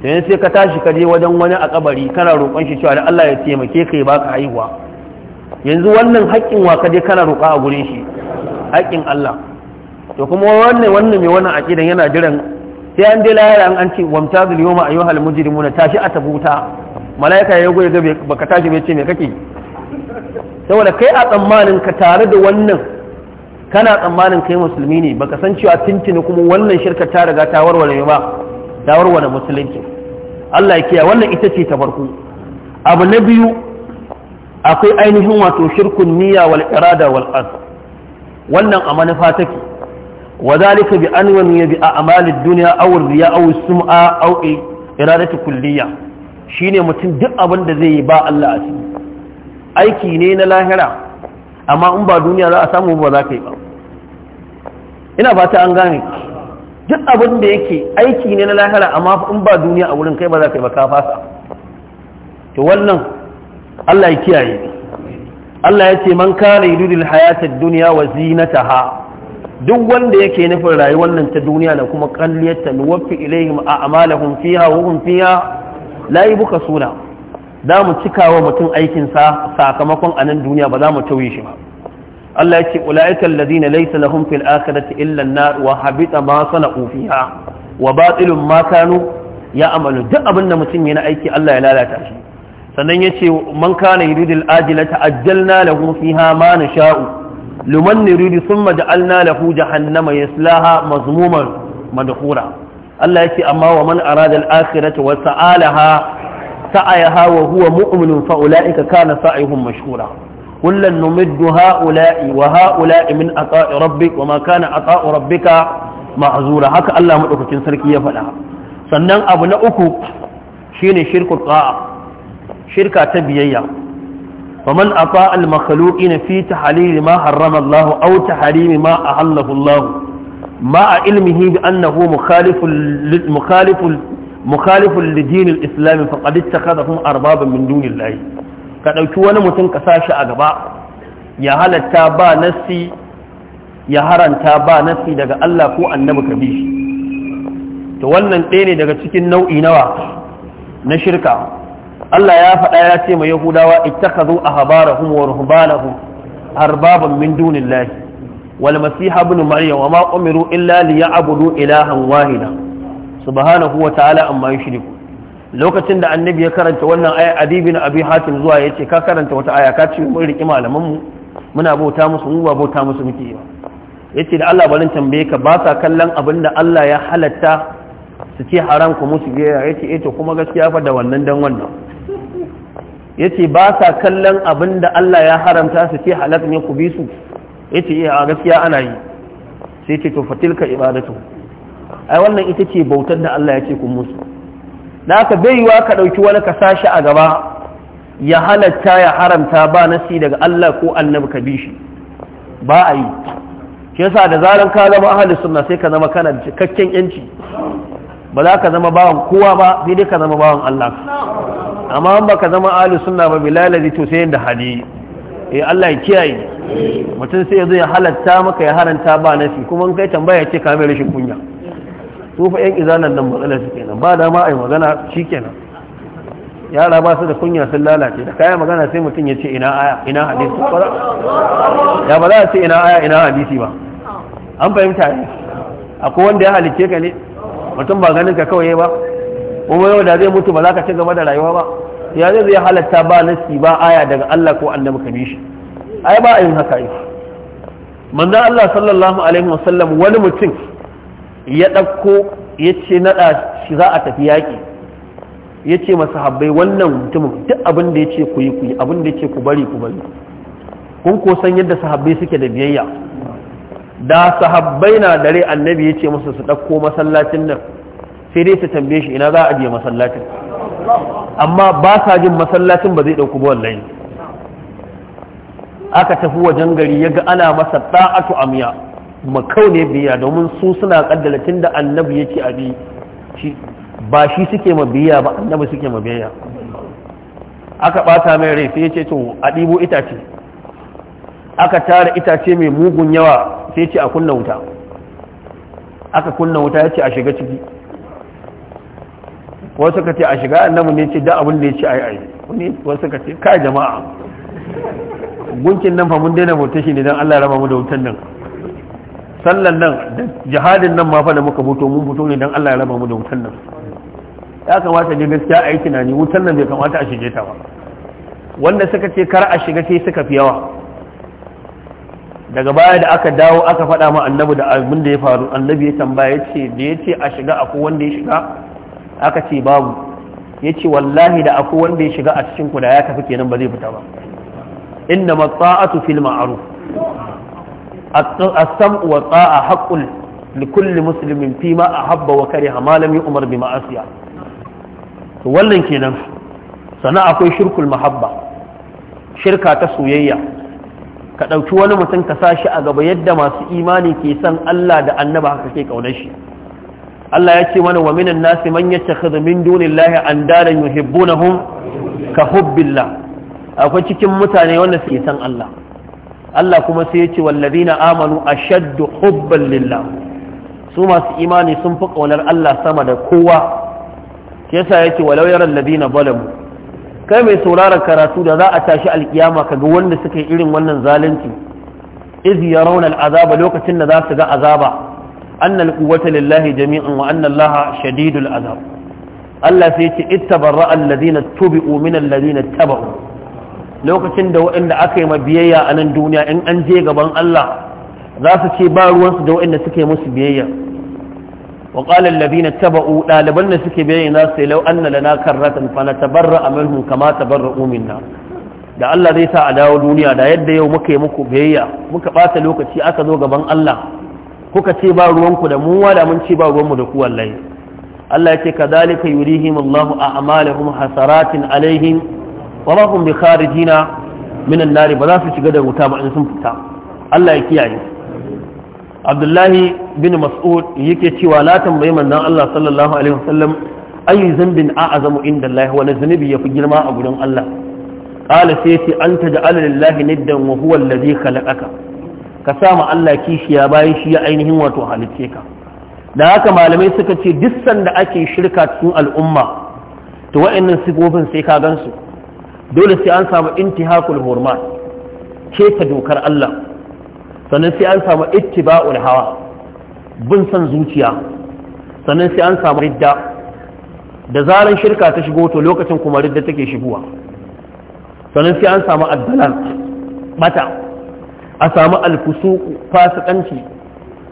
yin sai ka tashi ka je wajen wani a kabari kana roƙon shi cewa da Allah ya taimake ka ya baka haihuwa yanzu wannan haƙƙin wa ka je kana roƙa a gure shi haƙƙin Allah to kuma wannan wannan mai wannan aqidan yana jiran sai an dai lahira an ce wamtazul yawma ayyuhal mujrimuna tashi a tabuta malaika ya goye ga baka tashi bai ce me kake saboda kai a tsammanin ka tare da wannan kana tsammanin kai musulmi ne baka san cewa tuntuni kuma wannan shirka ta riga ta warware ba ta warware musulunci Allah ya kiyaye wannan ita ce ta farko abu na biyu akwai ainihin wato shirkun niyya wal irada wal qasd wannan a manufa take وذلك بأن ينوي بأعمال الدنيا أو الرياء أو السمعة أو إرادة كلية shine mutum duk abin da zai yi ba Allah a ciki aiki ne na lahira amma in ba duniya za a samu ba za ka yi ba ina ba ta an gane duk abin da yake aiki ne na lahira amma in ba duniya a wurin kai ba za ka yi ba ka fasa to wannan Allah ya kiyaye Allah ya ce man kana hayata duniya dunya wa ha duk wanda yake nufin rayuwar nan ta duniya da kuma kalliyarta nuwaffi a a'malahum fiha wa hum fiha la suna. da mu cika wa mutum aikinsa sakamakon a nan duniya ba za mu tauye shi ba Allah ya ce ula'ika alladhina laysa lahum fil akhirati illa an-nar wa habita ma sana'u fiha wa batilun ma kanu ya'malu duk abin da mutum yana aiki Allah ya lalata shi sannan ya ce man kana yuridul ajila ta'ajjalna lahu fiha ma nasha'u liman nuridu thumma ja'alna lahu jahannama yaslaha mazmuman madhura Allah ya ce amma wa man arada al-akhirata wa sa'alaha سعيها وهو مؤمن فأولئك كان سعيهم مشكورا كلا نمد هؤلاء وهؤلاء من عطاء ربك وما كان عطاء ربك معذورا هكا الله مدوكتين سركي يفعلها sannan abu na uku shine shirka ta biyayya faman ata al makhluqina fi tahlil ma harrama Allah aw tahrimi ma ahallahu Allah ma ilmihi bi annahu mukhalifun mukhalifun lidinil islami faqad ittakhadhahum arbaban min dunillahi ka ɗauki wani mutum ka sa shi a gaba ya ba nassi haranta ba nassi daga Allah ko annabi ka bishi to wannan ɗaya ne daga cikin nau'i nawa na shirka Allah ya faɗa ya ce ma Yahudawa ittakhadhu ahbarahum wa ruhbanahum arbaban min dunillahi wal masih ibn maryam a ma umiru illa liya'budu ilahan wahida subhanahu wa ta'ala amma yushriku lokacin da annabi ya karanta wannan aya adi bin abi hatim zuwa yace ka karanta wata aya ka ce mun riki malaman mu muna bauta musu mu ba bauta musu muke ba yace da Allah barin tambaye ka ba sa kallon abin da Allah ya halatta su ce haram ku musu ga yace eh to kuma gaskiya fa da wannan dan wannan yace ba sa kallon abin da Allah ya haramta su ce halal ne ku bi su yace eh a gaskiya ana yi sai ce to fatilka ibadatu ai wannan ita ce bautar da Allah ya ce kun musu da aka baiwa ka ɗauki wani ka sashi a gaba ya halatta ya haramta ba nasi daga Allah ko annabi ka bi shi ba a yi shi yasa da zaran ka zama ahalin sunna sai ka zama kana da cikakken yanci ba za ka zama bawan kowa ba sai dai ka zama bawan Allah amma ba baka zama ahalin sunna ba bilalazi to sai da hali eh Allah ya kiyaye mutum sai ya zo ya halatta maka ya haramta ba nasi kuma in kai tambaya ce ka mai rashin kunya tufa fa yan izanan nan matsalar su kenan ba dama yi magana kenan yara ba su da kunya sun lalace da kaya magana sai mutum ya ce ina aya ina hadisi ya ba za a ce ina aya ina hadisi ba an fahimta ne akwai wanda ya halicce ka ne mutum ba ganin ka kawai ba kuma yau da zai mutu ba za ka ci gaba da rayuwa ba ya zai zai halatta ba nasi ba aya daga Allah ko annabi ka bi shi ai ba yin haka yi manzo Allah sallallahu alaihi wasallam wani mutum ya ɗauko ya ce naɗa shi za a tafi yaƙi ya ce masu habbai wannan mutumin duk abin da ya ce ku yi ku yi abin da ya ce ku bari ku bari kun ko san yadda sahabbai suke da biyayya da sahabbai na dare annabi ya ce musu su ɗauko masallacin nan sai dai su tambaye shi ina za a biya masallacin amma ba sa jin masallacin ba zai ɗauku ba wallahi aka tafi wajen gari ya ga ana masa ɗa'atu amiya makaune biya domin su suna kaddala tun da annabi yake abi ba shi suke ma biya ba annabi suke ma biya aka bata mai rai sai ce to a dibo itace aka tara itace mai mugun yawa sai ce a kunna wuta aka kunna wuta ya ce a shiga ciki wasu suka ce a shiga annabi ne ce da abin da ya ce ai ai wasu suka ce ka jama'a gunkin nan fa mun daina bauta shi ne don Allah ya raba mu da wutan nan sallan nan da jihadin nan ma fa da muka fito mun fito ne dan Allah ya raba mu da wutan nan ya kamata ne gaskiya a yi tunani wutan nan bai kamata a shige ta ba wanda suka ce kar a shiga sai suka fi yawa daga baya da aka dawo aka faɗa ma annabi da abin da ya faru annabi ya tambaya ce da ya ce a shiga a wanda ya shiga aka ce babu ya ce wallahi da a wanda ya shiga a cikin ku ya tafi kenan ba zai fita ba inna matsa'atu fil ma'ruf السمع والطاعة حق لكل مسلم فيما أحب وكره ما لم يؤمر بمعصية wannan kenan sana akwai shirkul mahabba shirka ta soyayya ka ɗauki wani mutum ka shi a gaba yadda masu imani ke san Allah da Annabi haka ke kaunar shi Allah ya ce mana wa minan nasi man yattakhadhu min dunillahi andalan yuhibbunahum ka hubbillah akwai cikin mutane wanda suke san Allah Allah kuma sai ya ce wallazina amanu ashaddu hubban lillah su masu imani sun fi kaunar Allah sama da kowa yasa yake walau yara alladhina zalamu kai mai saurara karatu da za a tashi alkiyama kaga wanda suka yi irin wannan zalunci iz yarawna al'azaba lokacin da za su ga azaba annal quwwata lillahi jami'an wa anna allaha shadidul azab Allah sai yace ittabarra alladhina tubi'u min alladhina tabau lokacin da waɗanda aka yi biyayya a nan duniya in an je gaban Allah za su ce ba ruwansu da waɗanda suke musu biyayya wa ƙalar labina taba'u ɗaliban da suke biyayya za su lau an lana karratan fa na minhum kama tabarra da Allah zai sa a dawo duniya da yadda yau muka yi muku biyayya muka ɓata lokaci aka zo gaban Allah kuka ce ba ruwanku da mu da mun ce ba ruwanmu da ku wallahi Allah ya ce kadhalika yurihim Allahu a'malahum hasaratin alaihim wa ma hum bi kharijina minan nari ba za su shiga da wuta ba in sun fita Allah ya kiyaye Abdullahi bin Mas'ud yake cewa la tambayi manzon Allah sallallahu alaihi wasallam ayi zambin a'azamu inda Allah wani zunubi yafi girma a gurin Allah qala sai ce da ja'ala lillahi niddan wa huwa alladhi khalaqaka ka sa ma Allah kishiya bayan shi ya ainihin wato halicce ka da haka malamai suka ce duk sanda ake shirka cikin al'umma to wa'annan sigofin sai ka gansu dole sai an samu intihakul hurma keta dokar Allah sannan sai an samu ittiba'ul hawa bin san zuciya sannan sai an samu ridda da zaran shirka ta shigo to lokacin kuma ridda take shigowa sannan sai an samu addalan mata a samu alfusuku fasikanci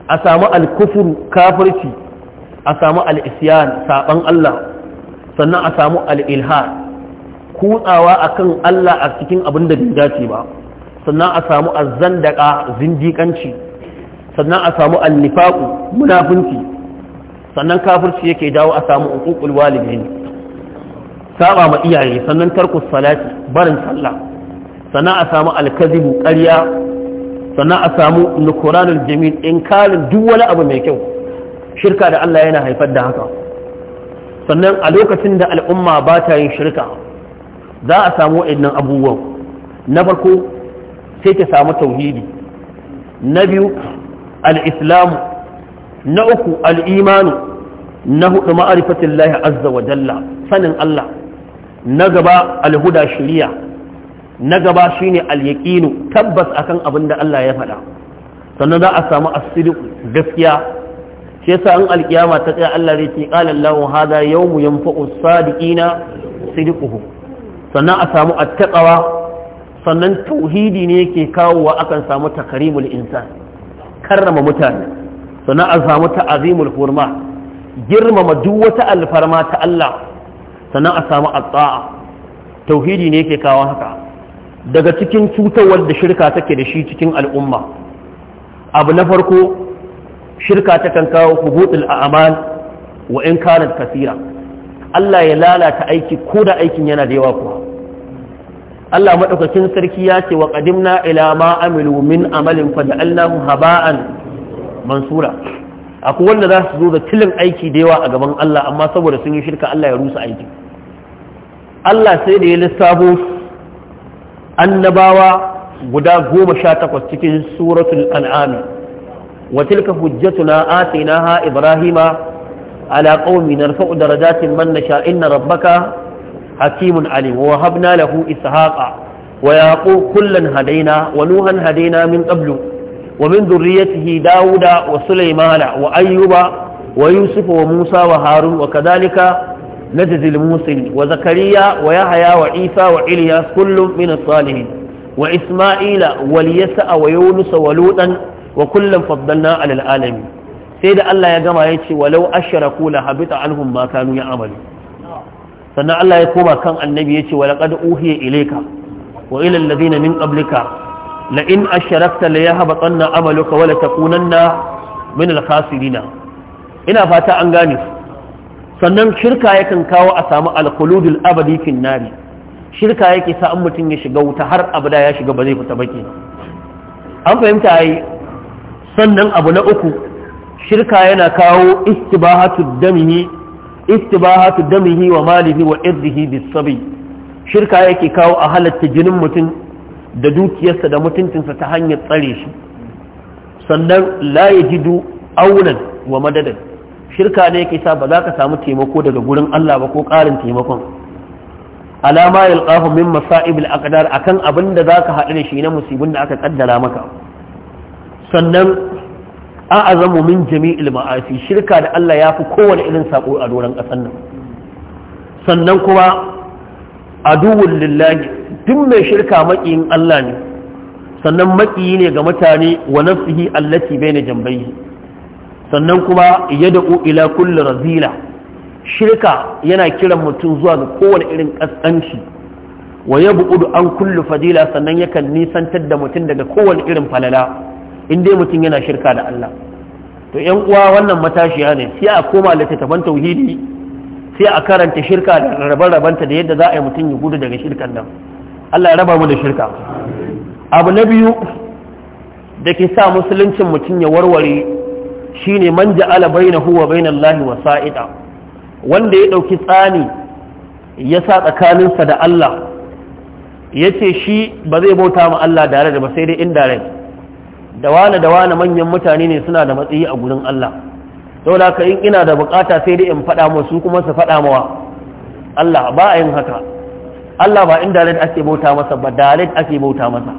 a samu alkufuru kafirci a samu al'isyan saban Allah sannan a samu al'ilhar kutsawa akan Allah a cikin abin da bai dace ba sannan a samu azzandaka zindiƙanci sannan a samu annifaku munafunci sannan kafirci yake dawo a samu uququl walidain saba ma iyaye sannan tarkus salati barin sallah sannan a samu alkazibu ƙarya sannan a samu nukuranul jamil inkarin duk wani abu mai kyau shirka da Allah yana haifar da haka sannan a lokacin da al'umma ba ta yin shirka za a samu waɗannan abubuwan na farko sai ta samu tauhidi na biyu al'islamu na uku al'imanu na hudu ma'arifatin lahi azza wa jalla sanin Allah na gaba alhuda shiriya na gaba shine al tabbas akan abin da Allah ya faɗa sannan za a samu asiru gaskiya shi yasa an alkiyama ta tsaya Allah zai ce qala Allahu hadha yawmu yanfa'u as-sadiqina sidquhum sannan a samu attaqawa sannan tauhidi ne yake kawo wa akan samu takarimul insan karrama mutane sannan a samu ta'azimul hurma girmama duk wata alfarma ta Allah sannan a samu atsa'a tauhidi ne yake kawo haka daga cikin cutarwar da shirka take da shi cikin al'umma abu na farko shirka ta kan kawo hubutul a'mal wa in kanat kasira Allah ya lalata aiki ko da aikin yana da yawa kuwa Allah maɗaukakin sarki ya ce wa qadimna ila ma amilu min amalin faj'alnahu haba'an mansura akwai wanda za su zo da tilin aiki da yawa a gaban Allah amma saboda sun yi shirka Allah ya rusa aiki Allah sai da ya lissafo annabawa guda goma sha takwas cikin suratul an'ami wa tilka hujjatuna atainaha ibrahima ala qaumi narfa'u darajatin man nasha inna rabbaka hakimun alim wa habna lahu ishaqa wa yaqub kullan hadaina wa nuhan hadaina min qablu wa min dhurriyyatihi dauda wa sulaymana wa ayyuba wa yusuf wa musa wa harun wa kadhalika najzi al wa zakariya wa yahaya wa isa wa ilya kullum min as-salihin wa isma'ila wa liyasa wa yunus wa lutan wa kullan faddalna 'ala al sai da Allah ya gama ya ce walau ashraku la habita anhum ma kanu ya'malu sannan Allah ya koma kan annabi ya ce wa laqad uhiya ilayka wa ila alladhina min qablika la in ashrakta la yahbatanna amaluka wa la takunanna min al ina fata an gane sannan shirka yakan kawo a samu al-khuludul abadi fin nari shirka yake sa an mutum ya shiga wuta har abada ya shiga ba zai fita ba an fahimta yayi sannan abu na uku shirka yana kawo istibahatu damihi wa malihi wa irdihi bisabi shirka yake kawo a halatta jinin mutum da dukiyarsa da mutuncinsa ta hanyar tsare shi sannan la yajidu aunan wa madadan shirka ne yake sa ba za ka samu taimako daga gurin Allah ba ko ƙarin taimakon alama yalqahu min masa'ib al-aqdar akan abin da zaka haɗu da shi na musibin da aka kaddara maka sannan a'azamu azamu min jami'il ma'asi shirka da Allah ya fi kowane irin sako a doron ƙasar nan sannan kuma aduwwul lillahi duk mai shirka maƙiyin Allah ne sannan maƙiyi ne ga mutane wa nafsihi allati baina jambayhi sannan kuma yad'u ila kulli razila shirka yana kiran mutum zuwa ga kowane irin ƙasƙanci wa yab'udu an kullu fadila sannan yakan nisantar da mutum daga kowane irin falala in dai mutum yana shirka da Allah to yan uwa wannan matashiya ne sai a koma littattafan tauhidi sai a karanta shirka da rabe-rabenta da yadda za a yi mutum ya gudu daga shirkan nan Allah ya raba mu da shirka abu na biyu da ke sa musuluncin mutum ya warware shine man ja'ala bainahu wa bainallahi wasa'ida wanda ya ɗauki tsani ya sa tsakaninsa da Allah yace shi ba zai bauta ma Allah da da ba sai dai indirect da wane da wane manyan mutane ne suna da matsayi a gurin Allah saboda ka in ina da bukata sai dai in faɗa musu kuma su faɗa mawa Allah ba a yin haka Allah ba indirect ake bauta masa ba direct ake bauta masa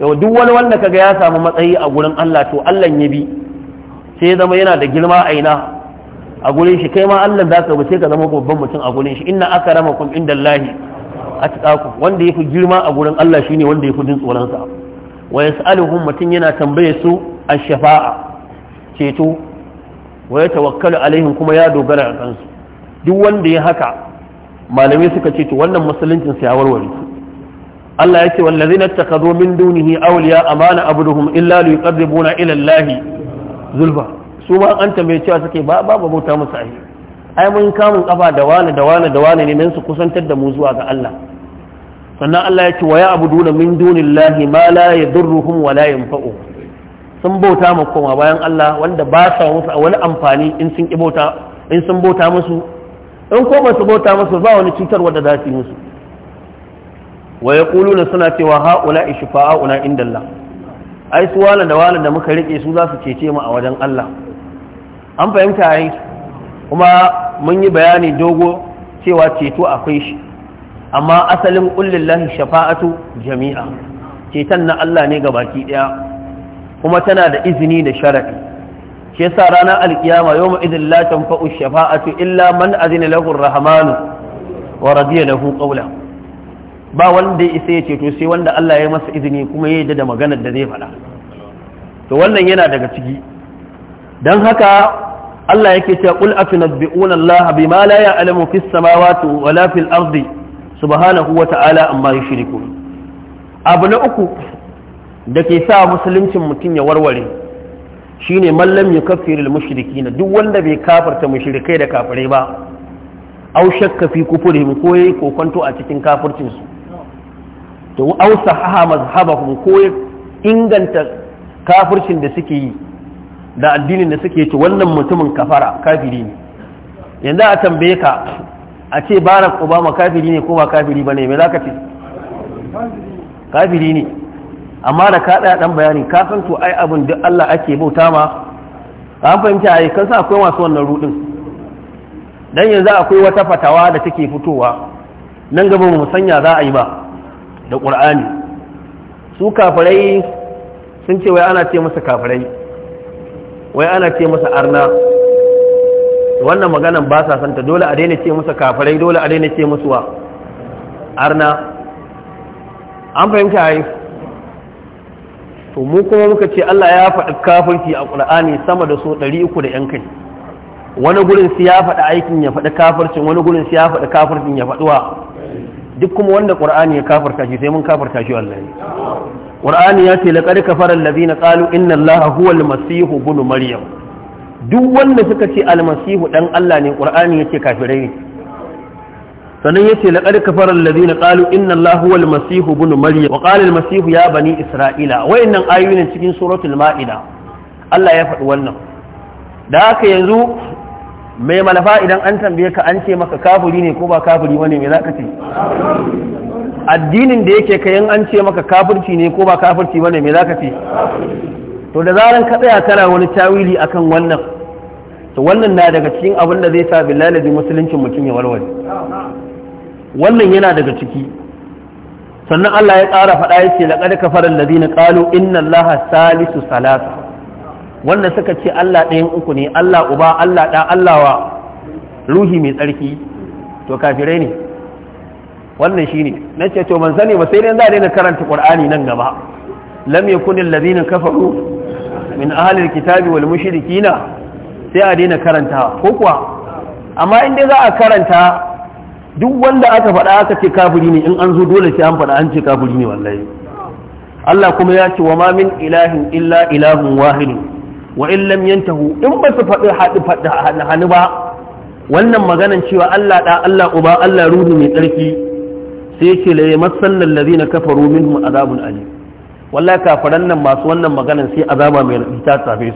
yau duk wani wanda kaga ya samu matsayi a gurin Allah to Allah ya bi sai zama yana da girma a ina a gurin shi kai ma Allah za ka sai ka zama babban mutum a gurin shi inna akramakum indallahi atqakum wanda yafi girma a gurin Allah shine wanda yafi jin tsoron sa wa yas'aluhum mutum yana tambaye su ash-shafa'a ceto wa yatawakkalu alaihim kuma ya dogara a kansu duk wanda ya haka malamai suka ce to wannan musuluncin sai ya warware Allah yake wallazina ittakhadhu min dunihi awliya amana abuduhum illa liqarribuna ila Allah zulfa su ma an tambaye cewa suke ba babu bauta musu ai ai mun kamun kafa da wani da wani da wani ne nan su kusantar da mu zuwa ga Allah sannan Allah ya ce wa na min dunillahi ma la yadurruhum wa la yanfa'uhum sun bauta ma koma bayan Allah wanda ba sa musu a wani amfani in sun bauta in sun bauta musu in ko ba su bauta musu ba wani cutar wadda za su yi musu wa na suna cewa haula ishfa'auna inda Allah ai su wala da wala da muka rike su za su cece mu a wajen Allah an fahimta yi kuma mun yi bayani dogo cewa ceto akwai shi amma asalin ƙullillahi shafa'atu jami'a ceton na Allah ne ga baki ɗaya kuma tana da izini da sharafi. shi yasa ranar alkiyama yau ma'izin la tanfa'u shafa'atu illa man azina lahu wa radiya lahu qawla ba wanda ya isa ya ceto sai wanda Allah ya masa izini kuma ya yarda da maganar da zai faɗa to wannan yana daga ciki dan haka Allah yake cewa qul atunabbi'una Allah bima la ya'lamu fis samawati wala fil ardi subhanahu wa ta'ala amma shiriku abu na uku da ke sa musuluncin mutum ya warware shine mallam yukaffirul na duk wanda bai kafarta shirikai da kafirai ba au shakka fi kufuri ko koye kokonto a cikin kafircinsu. to au sahaha mazhabahum ko inganta kafircin da suke yi da addinin da suke ci wannan mutumin kafara kafiri ne yanzu a tambaye ka a ce barak obama kafiri ne ko ba kafiri ba ne mai kafiri ne amma da ka ɗaya ɗan bayani kasan san to ai abin duk allah ake bauta ma an fahimta ai kan sa akwai masu wannan rudin dan yanzu akwai wata fatawa da take fitowa nan gaba mu sanya za a yi ba da ƙur'ani su kafirai sun ce wai ana ce masa kafirai wai ana ce masa arna wannan maganan ba sa santa dole a daina ce musu kafirai dole a daina ce musu wa arna an fahimta yi to mu kuma muka ce Allah ya faɗi kafirci a ƙul'ani sama da so ɗari uku da ‘yan kai wani gurin su ya faɗi aikin ya faɗi kafircin wani gurin su ya faɗi kafircin ya faɗuwa duk kuma wanda ƙur'ani ya kafirta shi sai mun kafirta shi wallahi ƙur'ani ya ce laqad kafara na ƙalu inna allaha huwa al bunu maryam duk wanda suka ce almasihu dan Allah ne qur'ani yake kafirai ne sannan yace laqad kafara alladhina qalu inna allaha huwa almasihu ibn maryam wa qala ya bani isra'ila wayannan ayoyin cikin suratul ma'ida Allah ya faɗi wannan da haka yanzu mai malafa idan an tambaye ka an ce maka kafiri ne ko ba kafiri bane me zaka ce addinin da yake kai an ce maka kafirci ne ko ba kafirci bane me zaka ce to da zaran ka tsaya kana wani tawili akan wannan to wannan na daga cikin abin da zai sa billahi da musuluncin mutum ya warware wannan yana daga ciki sannan Allah ya ƙara faɗa ya ce laƙar kafarar da zina ƙalo inna Allah salisu salasa wanda suka ce Allah ɗayan uku ne Allah uba Allah ɗa Allah wa ruhi mai tsarki to kafirai ne wannan shi ne na ce to man sani ba sai dai za a daina karanta ƙwar'ani nan gaba lam yakunil ladina kafaru min ahalil kitabi wal mushrikina sai a daina karanta ko kuwa amma in dai za a karanta duk wanda aka faɗa aka ce kafiri ne in an zo dole sai an faɗa an ce kafiri ne wallahi Allah kuma ya ce wa ma min ilahin illa ilahun wahidin wa in lam yantahu in ba su faɗi haɗi faɗi hannu ba wannan maganan cewa Allah da Allah uba Allah ruhu mai tsarki sai ce la yamassal ladina kafaru minhum azabun alim wallahi kafiran nan masu wannan maganan sai azaba mai rubuta ta su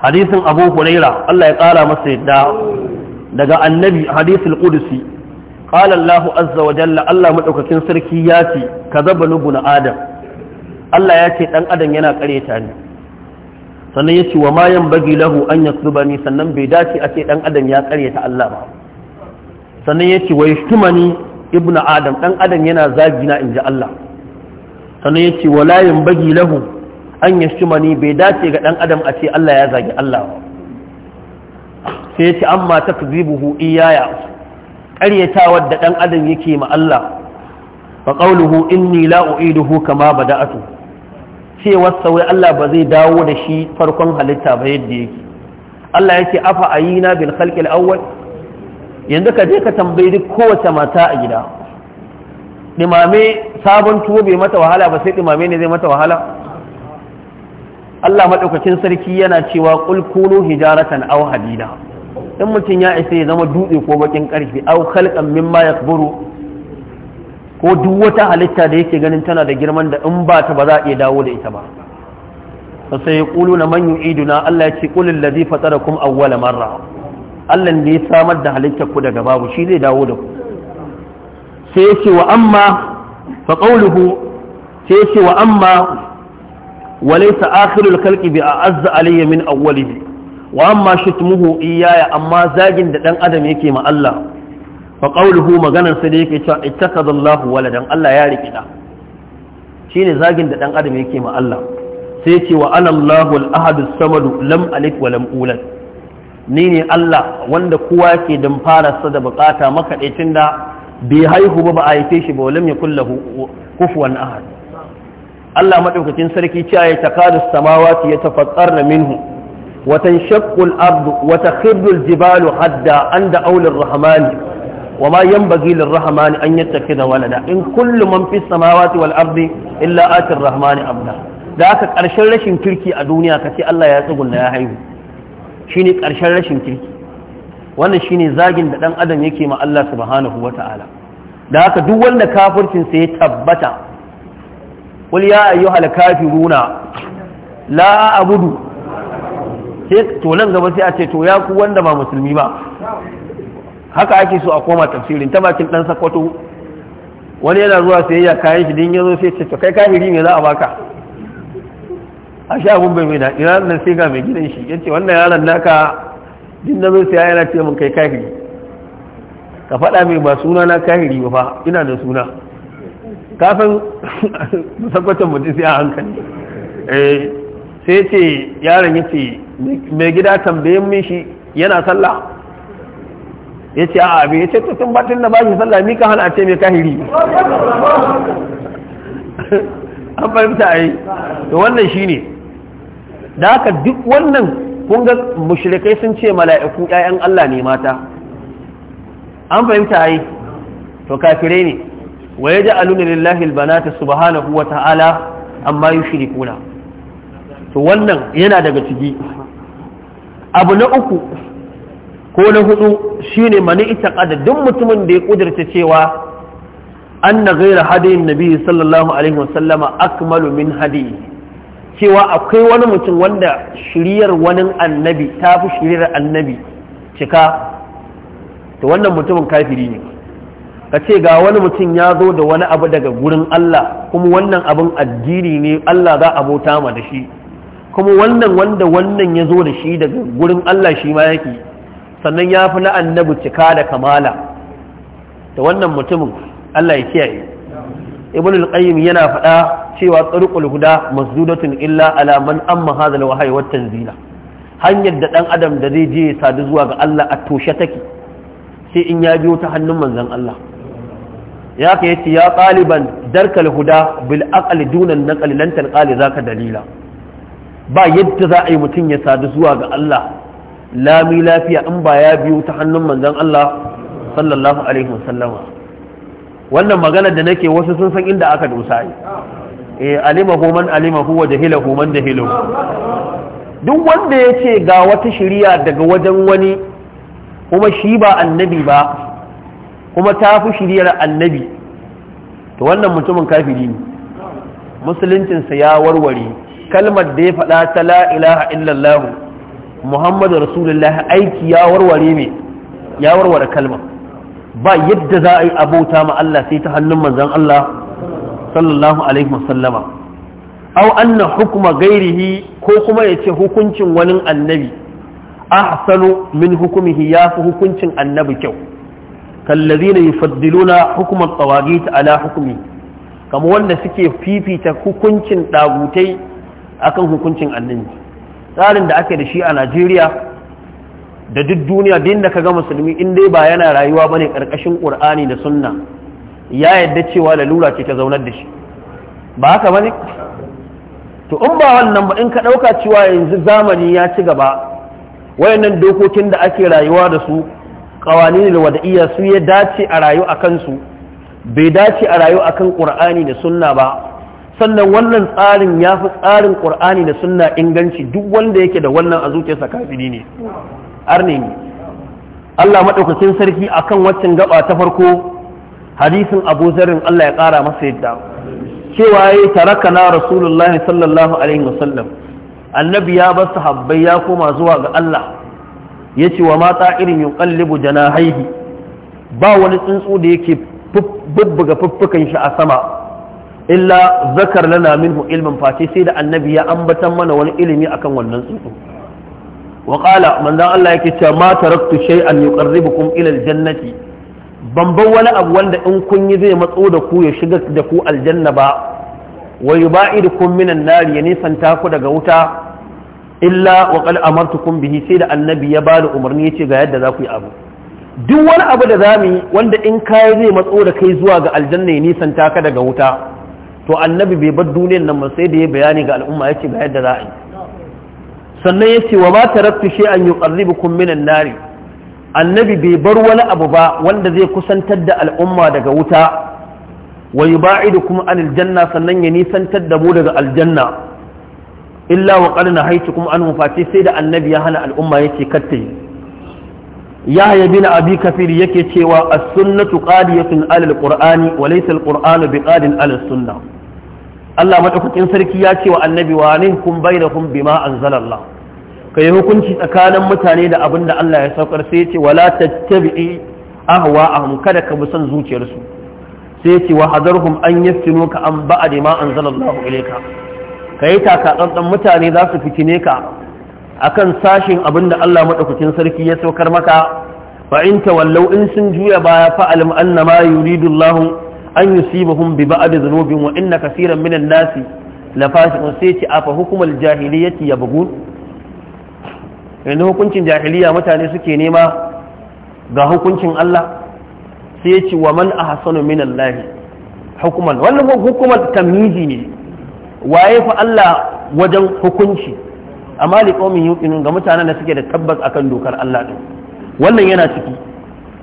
hadisin Abu Huraira Allah ya kara masa yadda daga annabi hadisul qudsi qala Allah azza wa jalla Allah madaukakin sarki ya ce kazaba nubun adam Allah ya ce dan adam yana kareta ni sannan ya ce wa ma yanbaghi lahu an bani sannan bai dace a ce dan adam ya kareta Allah ba sannan ya ce wa yashtumani ibnu adam dan adam yana na inji Allah sannan ya ce wala bagi lahu an ya shimani bai dace ga ɗan adam a ce Allah ya zagi Allah sai ya ce amma ta buhu iyaya ƙaryatawar da ɗan adam yake ma Allah fa in inni la u'iduhu kama bada'atu cewar wai Allah ba zai dawo da shi farkon halitta ba yadda yake Allah ce afa ayina bil khalqil awwal yanzu ka je ka tambayi duk kowace mata a gida ɗimame. sabon tuwo bai mata wahala ba sai ɗumame ne zai mata wahala Allah maɗaukacin sarki yana cewa qul kunu hijaratan aw hadida in mutum ya isa ya zama dutse ko bakin karfi aw khalqan mimma yakburu ko duk wata halitta da yake ganin tana da girman da in ba ta ba za a iya dawo da ita ba sai na man yu'iduna Allah ya ce qul allazi fatarakum awwala marra Allah ne ya samar da halittar ku daga babu shi zai dawo da ku sai ya ce wa amma fa qawluhu sai ce wa amma walaysa akhirul khalqi bi a'azza alayya min awwalihi wa amma shutmuhu iyaya amma zagin da dan adam yake ma Allah fa qawluhu maganar sa da yake cewa ittakhadha Allah waladan Allah ya riki da shine zagin da dan adam yake ma Allah sai ce wa ana Allahu al-ahad as-samad lam alif wa lam ulad ni ne Allah wanda kowa ke dan fara sa da bukata makaɗaicin da bai haihu ba ba a haife shi ba walam kulla lahu kufuwan ahad Allah maɗaukacin sarki cewa ya takadu samawati yatafattarna minhu wa minhu. Watan ardu Abdu wata al-jibalu hadda an da aulin rahamani, wa ma yan lir-rahman an yattakhidha walada in kullu man fis samawati wal-ardi illa atin rahamani abda da aka karshen rashin kirki a duniya kace Allah ya tsugunna ya haihu shine karshen rashin kirki wannan shine zagin da dan adam yake ma Allah subhanahu wata'ala da haka duk wanda kafircin sa ya tabbata qul ya ayyuhal kafiruna la a'budu sai to nan gaba sai a ce to ya ku wanda ba musulmi ba haka ake so a koma tafsirin ta bakin dan sakwato wani yana zuwa sayayya kayan shi din yazo sai ce to kai kafiri me za a baka a sha abun bai mai da ina nan sai ga mai gidan shi yace wannan yaron naka din da zai yana ce mun kai kahiri ka faɗa mai ba suna na kahiri ba fa ina da suna kafin sakwacin mutum sai a hankali eh, sai ce yaron ya ce mai gida tambayin min shi yana sallah ya ce a abin ya ce tutun batun da ba shi sallah mika hana a ce mai kahiri an fahimta a yi to wannan shi ne da haka duk wannan kun ga mushrikai sun ce mala'iku yayan Allah ne mata an fahimta yi. to kafirai ne wa ya yaj'aluna lillahi albanata subhanahu wa ta'ala amma shirikuna to wannan yana daga ciki abu na uku ko na hudu shine mani ƙada duk mutumin da ya ƙudurta cewa an anna gaira hadayin nabi sallallahu alaihi wasallama akmalu min hadin cewa akwai wani mutum wanda shiriyar wani annabi ta fi shiriyar annabi cika to wannan mutumin kafiri ne ka ce ga wani mutum ya zo da wani abu daga gurin Allah kuma wannan abin addini ne Allah za a bauta ma da shi kuma wannan wanda wannan ya zo da shi daga gurin Allah shi ma yake sannan ya fi na annabi cika da kamala da wannan mutumin Allah ya kiyaye ibn al-qayyim yana faɗa cewa tsarqul huda masdudatun illa ala man amma hadha al-wahyi tanzila hanyar da dan adam da zai je sadu zuwa ga Allah a toshe take sai in ya biyo ta hannun manzon Allah ya ka yace ya taliban darkal huda bil aqli duna an-naqli lan tanqali zaka dalila ba yadda za a yi mutum ya sadu zuwa ga Allah lami lafiya in ba ya biyo ta hannun manzon Allah sallallahu alaihi wasallama wannan maganar da nake wasu sun san inda aka dosa yi eh, alimahu man alimahu wa jahilahu man jahilahu duk wanda ya ce ga wata shiriya daga wajen wani kuma shi ba annabi ba kuma ta fi shiriyar annabi to wannan mutumin kafiri ne musuluncinsa ya warware kalmar da ya faɗa ta la ilaha illallah muhammadu rasulullah aiki ya warware mai ya warware kalmar ba yadda za a yi abota ma Allah sai ta hannun manzon Allah sallallahu alaihi wasallama aw anna hukma gairihi ko kuma yace hukuncin wani annabi ahsanu min hukumihi ya fi hukuncin annabi kyau kallazina yufaddiluna hukma at-tawagit ala hukmi kamar wanda suke fifita hukuncin dagutai akan hukuncin annabi tsarin da ake da shi a Najeriya da duk duniya din ka ga musulmi in dai ba yana rayuwa bane karkashin qur'ani da sunna ya yadda cewa lalura ce ta zaunar da shi ba haka bane to in ba wannan ba in ka dauka cewa yanzu zamani ya ci gaba wayannan dokokin da ake rayuwa da su qawanin wada'iyya su ya dace a rayu akan su bai dace a rayu akan qur'ani da sunna ba sannan wannan tsarin ya fi tsarin ƙur'ani da sunna inganci duk wanda yake da wannan a zuciyarsa kafiri ne arne Allah maɗaukakin sarki akan waccan gaba ta farko hadisin Abu Zarrin Allah ya ƙara masa yadda cewa yayi taraka na Rasulullah sallallahu alaihi wasallam annabi ya bar sahabbai ya koma zuwa ga Allah ce wa ma ta'irin yuqallibu haihi ba wani tsuntsu da yake bubbuga fuffukan shi a sama illa zakar lana minhu ilmin face sai da annabi ya ambatan mana wani ilimi akan wannan tsuntsu Waƙala, qala manzon Allah yake cewa ma taraktu shay'an yuqarribukum ila aljannati ban bar wani abu wanda in kun yi zai matso da ku ya shiga da ku aljanna ba wa yubaidukum minan nari ya nisanta ku daga wuta illa wa qad amartukum bihi sai da annabi ya ba da umarni yace ga yadda za ku yi abu duk wani abu da za mu yi wanda in kai zai matso da kai zuwa ga aljanna ya nisanta ka daga wuta to annabi bai bar duniyar nan sai da ya bayani ga al'umma yace ga yadda za a yi sannan yace wa ma taraktu shay'an yuqarribukum minan nari annabi bai bar wani abu ba wanda zai kusantar da al'umma daga wuta wa kuma an janna sannan ya nisantar da mu daga aljanna illa wa qad kuma an mufati sai da annabi ya hana al'umma yace kattai Yahaya bin abi kafir yake cewa as-sunnatu qadiyatun alal qur'ani wa laysa al-qur'anu biqadin alal sunnah Allah madaukakin sarki ya ce wa annabi wa da kun bainakum bima anzalallah yi hukunci tsakanin mutane da abin da Allah ya saukar sai ya ce wala tattabi'i ahwa'ahum kada ka fi son zuciyarsu sai ya ce wa hadarhum an ka an ba'd ma anzalallahu ilayka yi taka tsantsan mutane za su fitine ka akan sashin abin da Allah madaukakin sarki ya saukar maka fa in in sun juya baya fa annama yuridullahu an yusibuhum bi ba'd dhunubin wa inna kaseeran minan nasi la fasiqun sai ce afa hukumul jahiliyyati yabghun yanzu hukuncin jahiliya mutane suke nema ga hukuncin Allah sai ya ce wa man ahsanu lahi? hukuman wannan hukumar tamyizi ne waye fa Allah wajen hukunci amma qaumin yuqinun ga mutanen da suke da tabbas akan dokar Allah din wannan yana ciki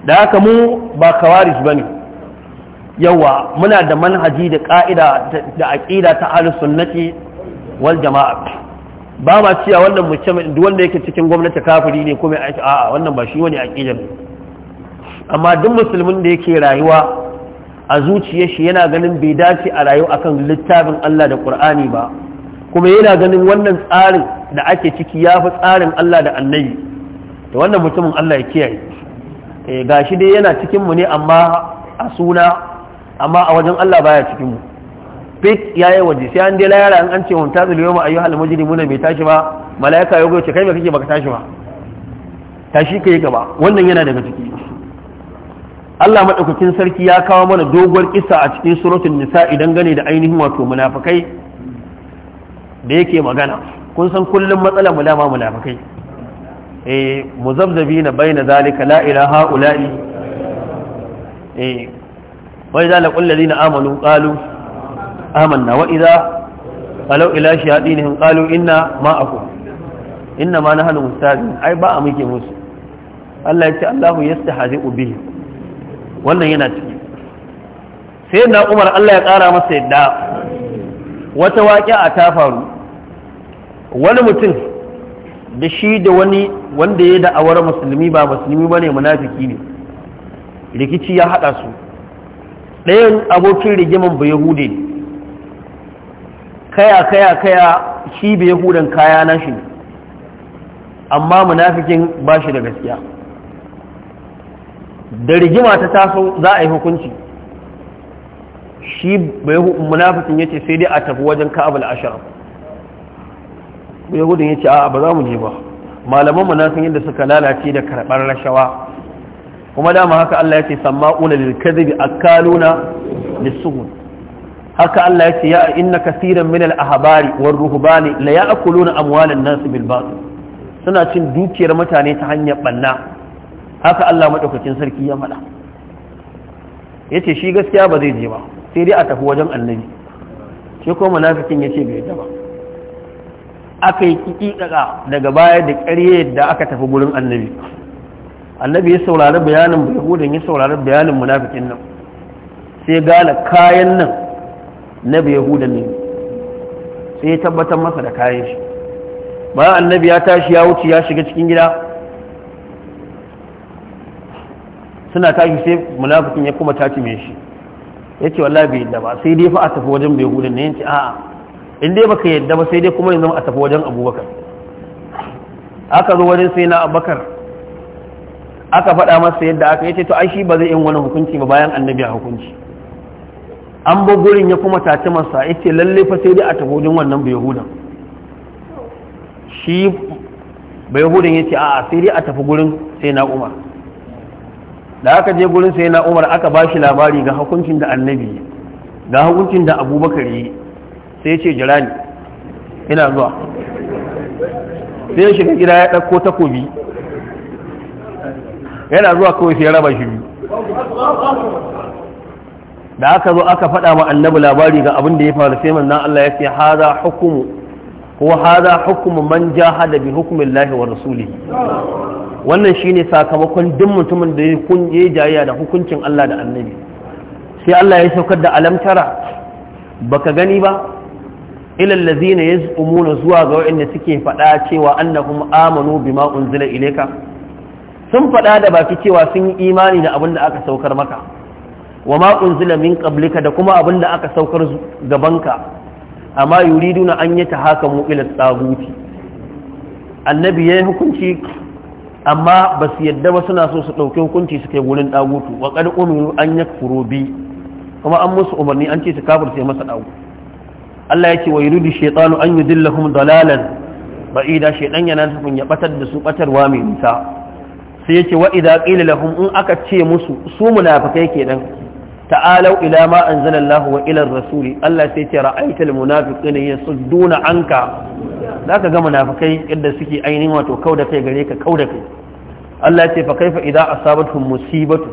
da haka mu ba kawaris bane yawa muna da manhaji da ka'ida da aqida ta ahlus sunnati wal jama'a ba ma cewa wannan mutum duk wanda yake cikin gwamnati kafiri ne kuma aiki a'a wannan ba shi wani aqida amma duk musulmin da yake rayuwa a zuciyar shi yana ganin bai dace a rayu akan littafin Allah da Qur'ani ba kuma yana ganin wannan tsarin da ake ciki yafi tsarin Allah da Annabi to wannan mutumin Allah ya kiyaye eh gashi dai yana cikin mu ne amma a suna amma a wajen Allah baya cikin mu fit yayi waje sai an dai layara an ce mun tazil yawma ayyuhal mujrimuna bai tashi ba malaika ya goce kai me kake baka tashi ba tashi kai gaba wannan yana daga ciki Allah madaukakin sarki ya kawo mana doguwar kissa a cikin suratul nisa idan gane da ainihin wato munafikai da yake magana kun san kullum matsalar mu dama munafikai eh muzabzabina baina zalika la ilaha ula'i eh وإذا لقوا الذين آمنوا قالوا آمنا وإذا قالوا إلى شهادينهم قالوا إنا معكم إنما نحن مستهزئون أي باء ميكي موسى Allah ya ce Allahu yastahzi'u bihi wannan yana ciki sai na Umar Allah ya ƙara masa yadda wata a ta faru wani mutum da shi da wani wanda ya da'awar musulmi ba musulmi bane munafiki ne rikici ya hada su ɗayan abokin rigiman ba yahude kaya kaya kaya shi ba yahudan kaya na shi amma munafikin ba shi da gaskiya da rigima ta taso za a yi hukunci shi munafikin ya ce sai dai a tafi wajen ka'abal ashirin. yahudin ya ce a ba za mu je ba malaman munafikin yadda suka lalace da karɓar rashawa kuma dama haka Allah yake sama'una lil kadhibi akaluna lisuhun haka Allah yake ya inna kaseeran min al ahbari war ruhbani la ya'kuluna amwalan nas bil batil suna cin dukiyar mutane ta hanyar banna haka Allah madaukakin sarki ya faɗa yace shi gaskiya ba zai je ba sai dai a tafi wajen annabi shi ko munafikin yace bai yadda ba aka yi kiki daga baya da ƙarye da aka tafi gurin annabi annabi ya saurari bayanin yahudan ya saurari bayanin munafikin nan sai gane kayan nan na yahudan ne sai ya tabbatar masa da kayan shi bayan annabi ya tashi ya wuce ya shiga cikin gida suna tashi sai munafikin ya kuma tashi mai shi ya ce wallah bai yadda ba sai dai fa a tafi wajen yahudan ne yanci a'a in dai baka yadda ba sai dai kuma yanzu a tafi wajen abubakar aka zo wajen sai na abubakar aka faɗa masa yadda aka yace to ai shi ba zai yin wani hukunci ba bayan annabi a hukunci an bi gurin ya kuma tace masa yace lalle fa sai dai a tagodin wannan bai yahuda shi bai yahudan yace a'a sai dai a tafi gurin sai na umar da aka je gurin sai na umar aka ba shi labari ga hukuncin da annabi ga hukuncin da abubakar yi sai ya ce jira ni ina zuwa
sai ya shiga gida ya ɗauko takobi
yana zuwa kawai sai raba shi biyu da aka zo aka faɗa wa annabi labari ga abin da ya faru sai manzon Allah ya ce hada hukumu ko hada hukumu man jahada bi hukmillahi wa rasulihi wannan shine sakamakon duk mutumin da ya kunye jayya da hukuncin Allah da annabi sai Allah ya saukar da alamtara baka gani ba ilal ladina yaz'umuna zuwa ga wa'anda suke faɗa cewa annahum amanu bima unzila ilayka sun faɗa da baki cewa sun yi imani da abin da aka saukar maka wa ma unzila min qablika da kuma abin da aka saukar gabanka amma yuriduna an yi ta haka mu ila tsaguti annabi yi hukunci amma ba su yadda ba suna so su ɗauki hukunci su kai gurin ɗagutu wa qad umiru an yakfuru bi kuma an musu umarni an ce su sai masa ɗagu Allah ya ce wa yuridu shaytanu an yudillahum dalalan ba'ida shaytan yana nufin ya batar da su batarwa mai nisa sai yace wa idza qila lahum in aka ce musu su munafikai kenan ta'alau ila ma anzalallahu wa ila rasuli Allah sai ce ra'aital munafiqina yasudduna anka zaka ga munafikai yadda suke ainihin wato kauda kai gare ka kauda kai Allah ce fa kaifa idza asabatuhum musibatu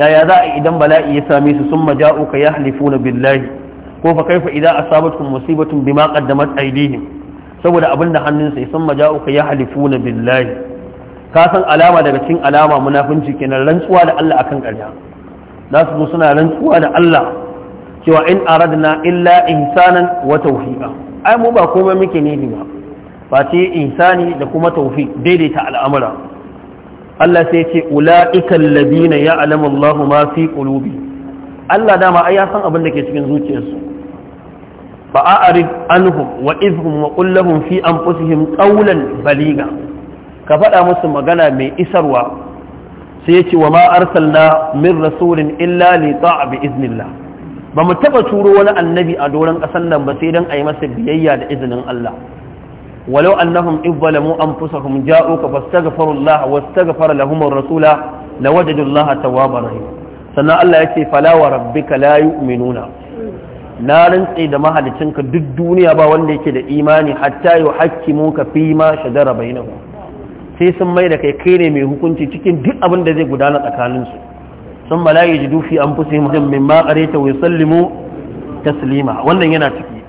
yaya za a idan bala'i ya same su summa ja'uka yahlifuna billahi ko fa kaifa idza asabatuhum musibatun bima qaddamat aydihim saboda abinda hannun hannunsa summa ja'uka yahlifuna billahi ka san alama daga cikin alama munafunci kenan rantsuwa da Allah akan ƙarya za su zo suna rantsuwa da Allah cewa in aradna illa ihsanan wa tawfiqa ai mu ba komai muke ne ba face insani da kuma tawfiq daidaita al'amura Allah sai ce ula'ika alladhina ya'lamu Allahu ma fi qulubi Allah dama ai ya san abin da ke cikin zuciyarsu fa a'rid anhum wa izhum wa qul lahum fi anfusihim qawlan baliga ka faɗa musu magana mai isarwa sai ya ce wa ma arsalna min rasulin illa li ta'a bi iznillah ba mu taba turo wani annabi a doron ƙasar nan ba sai dan ayi masa biyayya da izinin Allah walau annahum izzalamu anfusahum ja'uka fastaghfirullaha wastaghfara lahum ar-rasula allah tawwaban rahim sannan Allah yace falawa fala wa rabbika la yu'minuna na rantse da mahalicinka duk duniya ba wanda yake da imani hatta yuhakkimuka fima ma shajara bainahum sai sun mai da kai kai ne mai hukunci cikin duk abin da zai gudana tsakaninsu sun mala yi jidu an fi sai min ma ta wai sallimu taslima wannan yana ciki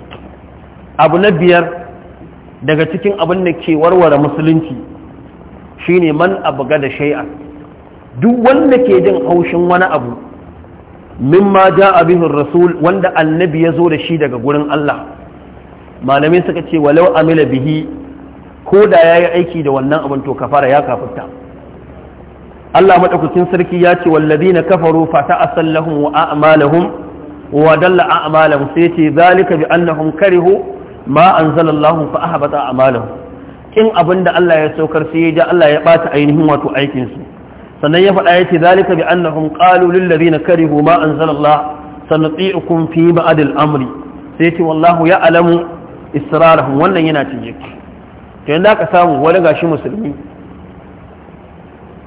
abu na biyar daga cikin abin da ke warware musulunci shine man abu da shai'a. duk wanda ke jin haushin wani abu min ma ja abin rasul wanda annabi ya zo da shi daga gurin Allah malamai suka ce walau amila bihi ko da ya yi aiki da wannan abin to kafara ya kafuta. Allah maɗaukakin sarki ya ce wallazina kafaru fa ta'assal lahum wa a'malahum wa dalla a'malahum sai ce zalika bi annahum karihu ma anzalallahu fa ahbata a'malahum kin abinda Allah ya saukar sai ya Allah ya bata ainihin wato aikin su sannan ya faɗa ya ce zalika bi annahum qalu lil ladina karihu ma anzalallahu sanati'ukum fi ba'd al-amri sai ce wallahu ya'lamu israrahum wannan yana cikin to yanzu ka samu wani gashi musulmi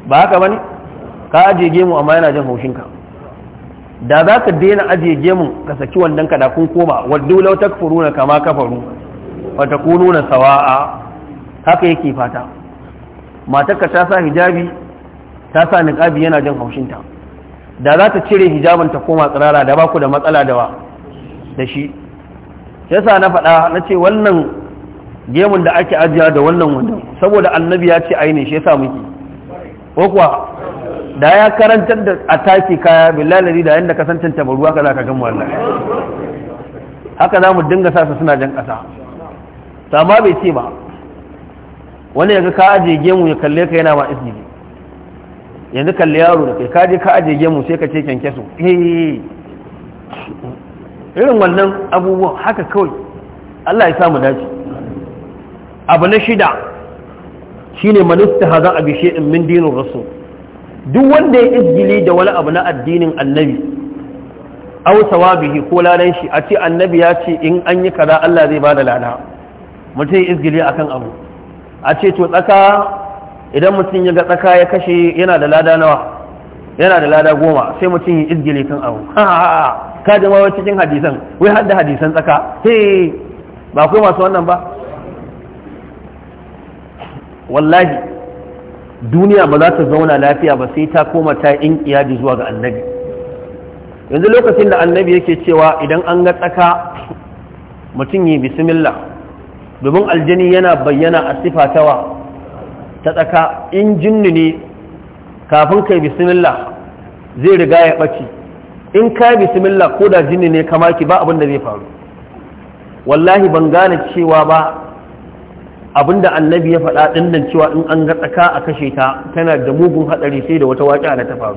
ba haka ba ne? ka ajiye gemu amma yana jin haushinka da za ka daina ajiye gemun ka saki wannan ka da kun koma waddu law na kama kafaru kunu na sawa'a haka yake fata matarka ta sa hijabi ta sa niqabi yana jin haushinta da za ta cire hijabin ta koma tsirara da ba ku da matsala da wa da shi yasa na faɗa na ce wannan gemun da ake ajiya da wannan wannan saboda annabi ya ce aini shi ya muke ko kuwa da ya karantar da ataki kaya billahi da yanda kasancin san ka za ka gan wannan haka za mu dinga sa su suna jan kasa ta ma bai ce ba wani yanzu ka aje gemu ya kalle ka yana ma ne. yanzu kalle yaro da kai ka je ka aje gemu sai ka ce kyankyaso irin wannan abubuwan haka kawai Allah ya samu dace abu na shida shi ha za haza bishe in min dinin rasu duk wanda ya izgili da wani abu na addinin annabi aw sawabihi ko ladan shi a ce annabi ya ce in an yi kaza Allah zai bada lada mutum ya izgili akan abu a ce to tsaka idan mutum ya ga tsaka ya kashe yana da lada nawa yana da lada goma sai mutum ya izgili kan abu ka jama cikin hadisan wai hadda hadisan tsaka he ba kai masu wannan ba wallahi duniya ba za ta zauna lafiya ba sai ta koma ta in iyadi zuwa ga annabi yanzu lokacin da annabi yake cewa idan an ga tsaka mutum yi bismillah domin aljani yana bayyana a sifa ta tsaka in jinni ne kafin kai bismillah zai riga ya ɓaci in ka bismillah ko da jinni ne kamaki ba abin da zai faru wallahi ban gane cewa ba abinda annabi ya faɗa ɗin nan cewa in an ga tsaka a kashe ta tana da mugun haɗari, sai da wata waƙa da ta faru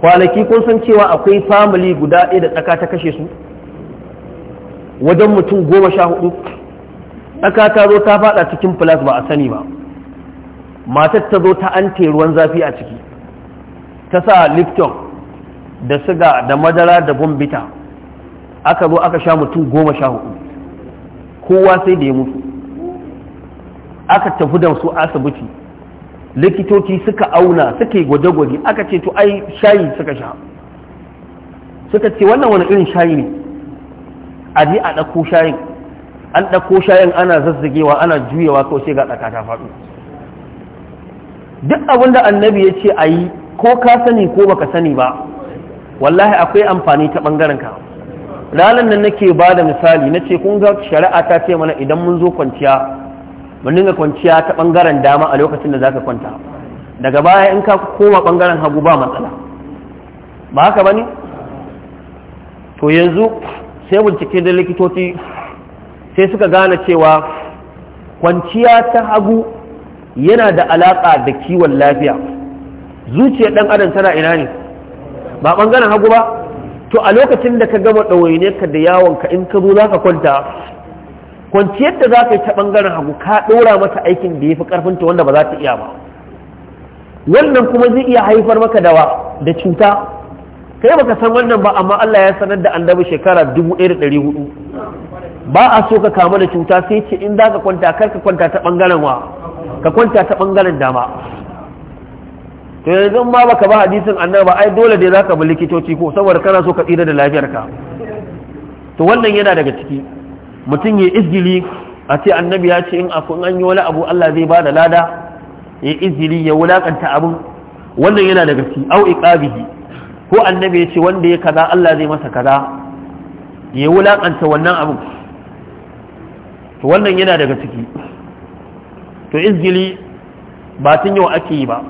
kwanaki kun san cewa akwai famili guda ɗaya da tsaka ta kashe su wajen mutum goma sha hudu tsaka ta zo ta faɗa cikin filas ba a sani ba matar ta zo ta an ruwan zafi a ciki ta sa lifton, da siga da madara da bombita aka zo aka sha mutum goma sha hudu kowa sai da ya mutu aka tafi da su asibiti likitoci suka auna suka yi gwaje-gwaje aka ce to ai shayi suka sha suka ce wannan wani irin shayi ne a je a ɗauko shayin an ɗauko shayin ana zazzagewa ana juyewa kawai sai ga tsaka ta faɗo duk abin da annabi ya ce a yi ko ka sani ko baka sani ba wallahi akwai amfani ta ɓangaren ka ranar nan nake ba da misali na ce kun ga shari'a ta ce mana idan mun zo kwanciya mu dinga kwanciya ta bangaren dama a lokacin da zaka kwanta daga baya in ka koma bangaren hagu ba matsala ba haka bane to yanzu sai bincike da likitoci sai suka gane cewa kwanciya ta hagu yana da alaka da kiwon lafiya zuciyar dan adam tana ina ne ba ɓangaren hagu ba to a lokacin da ka gama ɗawaine ka da yawon ka in ka zo za kwanta kwanciyar da za ka yi ta ɓangaren hagu ka ɗora mata aikin da ya fi ƙarfinta wanda ba za ta iya ba wannan kuma zai iya haifar maka dawa da cuta kai baka san wannan ba amma Allah ya sanar da annabi shekara 1400 ba a so ka kamu da cuta sai ce in za ka kwanta kar ka kwanta ta ɓangaren wa ka kwanta ta ɓangaren dama to yanzu ma ka ba hadisin annabi ai dole dai za ka bi likitoci ko saboda kana so ka tsira da lafiyarka to wannan yana daga ciki mutum ya izgili a ce annabi ya ce in akwai an yi wani abu Allah zai ba da lada ya izgili ya wulakanta abin wannan yana da gaske au iqabihi ko annabi ya ce wanda ya kaza Allah zai masa kaza ya wulakanta wannan abin to wannan yana daga ciki to izgili ba tun yau ake yi ba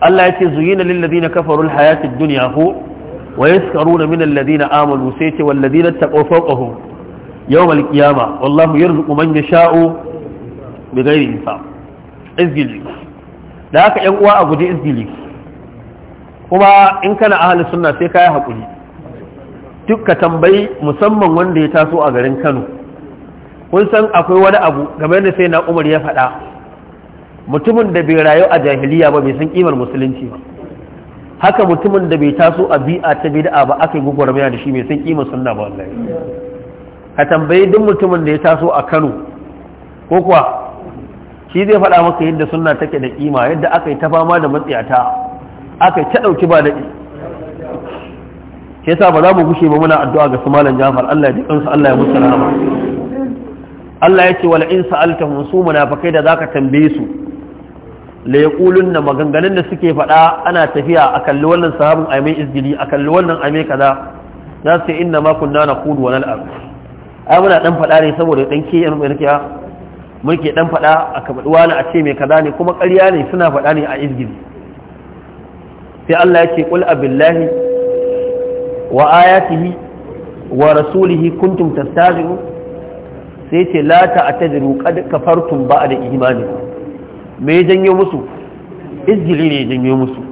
Allah ya ce zuyina lillazina kafaru alhayatid dunya ko wa yaskaruna min alladhina amanu sai ce wallazina taqaw fawqahum yawmal qiyama wallahu yarzuqu man yasha'u bighairi hisab izgili da haka yan uwa a guji izgili kuma in ka kana ahli sunna sai ka kai hakuri duk ka tambayi musamman wanda ya taso a garin Kano kun san akwai wani abu game da sai na Umar ya faɗa mutumin da bai rayu a jahiliya ba bai san kimar musulunci ba haka mutumin da bai taso a bi'a ta bid'a ba aka yi da shi mai san kimar sunna ba
wallahi
a tambayi duk mutumin da ya taso a Kano ko kuwa shi zai faɗa maka yadda sunna take da kima yadda aka yi ta fama da matsiyata aka yi ta ɗauki ba daɗi ke ba za mu gushe ba muna addu'a ga su malam Jafar Allah ya ji kansu Allah ya musu rahama Allah ya ce wala in sa'altahum su munafikai da zaka tambaye su la yaqulun na maganganun da suke faɗa ana tafiya a kalli wannan sahabin ai mai izgili a kalli wannan ai mai kaza za su ce inna ma kunna naqulu wa nal'ab ai muna dan fada ne saboda dan ke yan mulki mulki dan faɗa a kabaduwa na a ce mai kaza ne kuma ƙarya ne suna fada ne a izgili sai Allah ya ce qul abillahi wa ayatihi wa rasulihi kuntum tastazi'u sai ce la ta'tadiru qad kafartum ba'da imani me janyo musu izgili ne janyo musu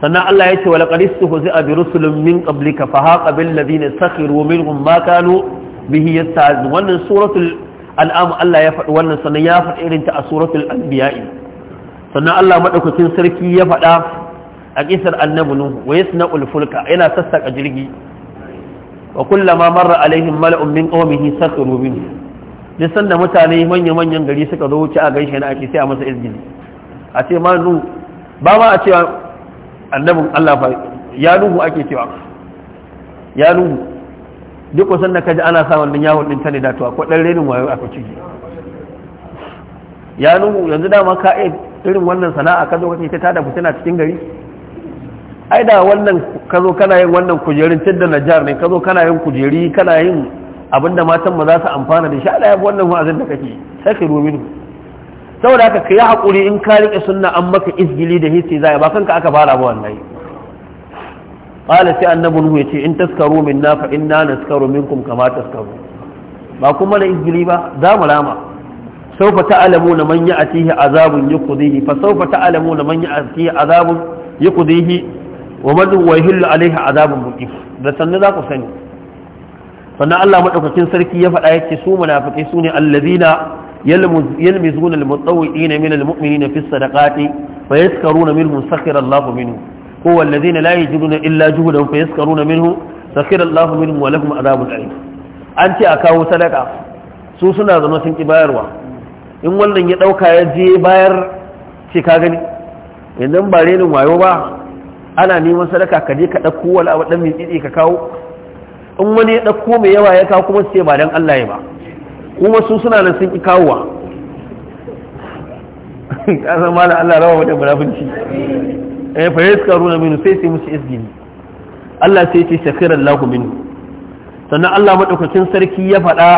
sannan Allah ya ce wa laqad istuhzi'a bi rusulin min qablika fa haqa bil ladina sakhiru minhum ma kanu bihi yasta'az wannan suratul al'am Allah ya faɗi wannan sannan ya faɗi irin ta a suratul anbiya'i sannan Allah madaukakin sarki ya faɗa a kisar annabi nuhu wa yasna'ul fulka yana sassaka jirgi wa kullama marra alaihim mala'un min qawmihi sakharu minhu duk sanda mutane manya manyan gari suka zo wuce a gaishe na ake sai a masa izgili a ce ma nu ba ma a cewa annabin Allah ya nuhu cewa ya nuhu duk wasan da kaji ana sa wannan yawon din ta ne da to akwai dan renin wayo a ciki ya nuhu yanzu dama ka irin wannan sana'a ka zo kake ta tada fitina cikin gari ai da wannan ka zo kana yin wannan kujerin tidda najjar ne ka zo kana yin kujeri kana yin abinda matan ma za su amfana da shi Allah ya bi wannan wa'azin da kake sai ka rubi saboda haka ka yi in ka rike sunna an maka izgili da hisi zai ba kanka aka fara ba wallahi qala sai annabi nuhu yace in taskaru minna fa inna naskaru minkum kama taskaru ba kuma na izgili ba za mu rama sawfa ta'lamuna man ya'tihi azabun yuqdihi fa sawfa ta'lamuna man ya'tihi azabun yuqdihi wa man wayhillu alaihi azabun muqim da sanne za ku sani sannan Allah madaukakin sarki ya faɗa ya ce su munafiqai sune allazina يلمزون المتطوعين من المؤمنين في الصدقات فيسكرون منهم سخر الله منهم ko wallazina la yajiduna illa juhudan fa yaskaruna minhu sakira Allahu minhum wa lahum adabun alim an ce a kawo sadaka su suna zama sun ki bayarwa in wannan ya dauka ya je bayar ce ka gani yanzu ba renin wayo ana neman sadaka ka je ka dauko wala wa dan ka kawo in wani ya dauko mai yawa ya kawo kuma su ce ba dan Allah ya ba kuma su suna nan sun ki kawowa ka san malam Allah rawa wa da munafunci eh fa yaskaruna Minu sai sai musu izgili Allah sai ce shakira Allahu Minu. sannan Allah madaukakin sarki ya faɗa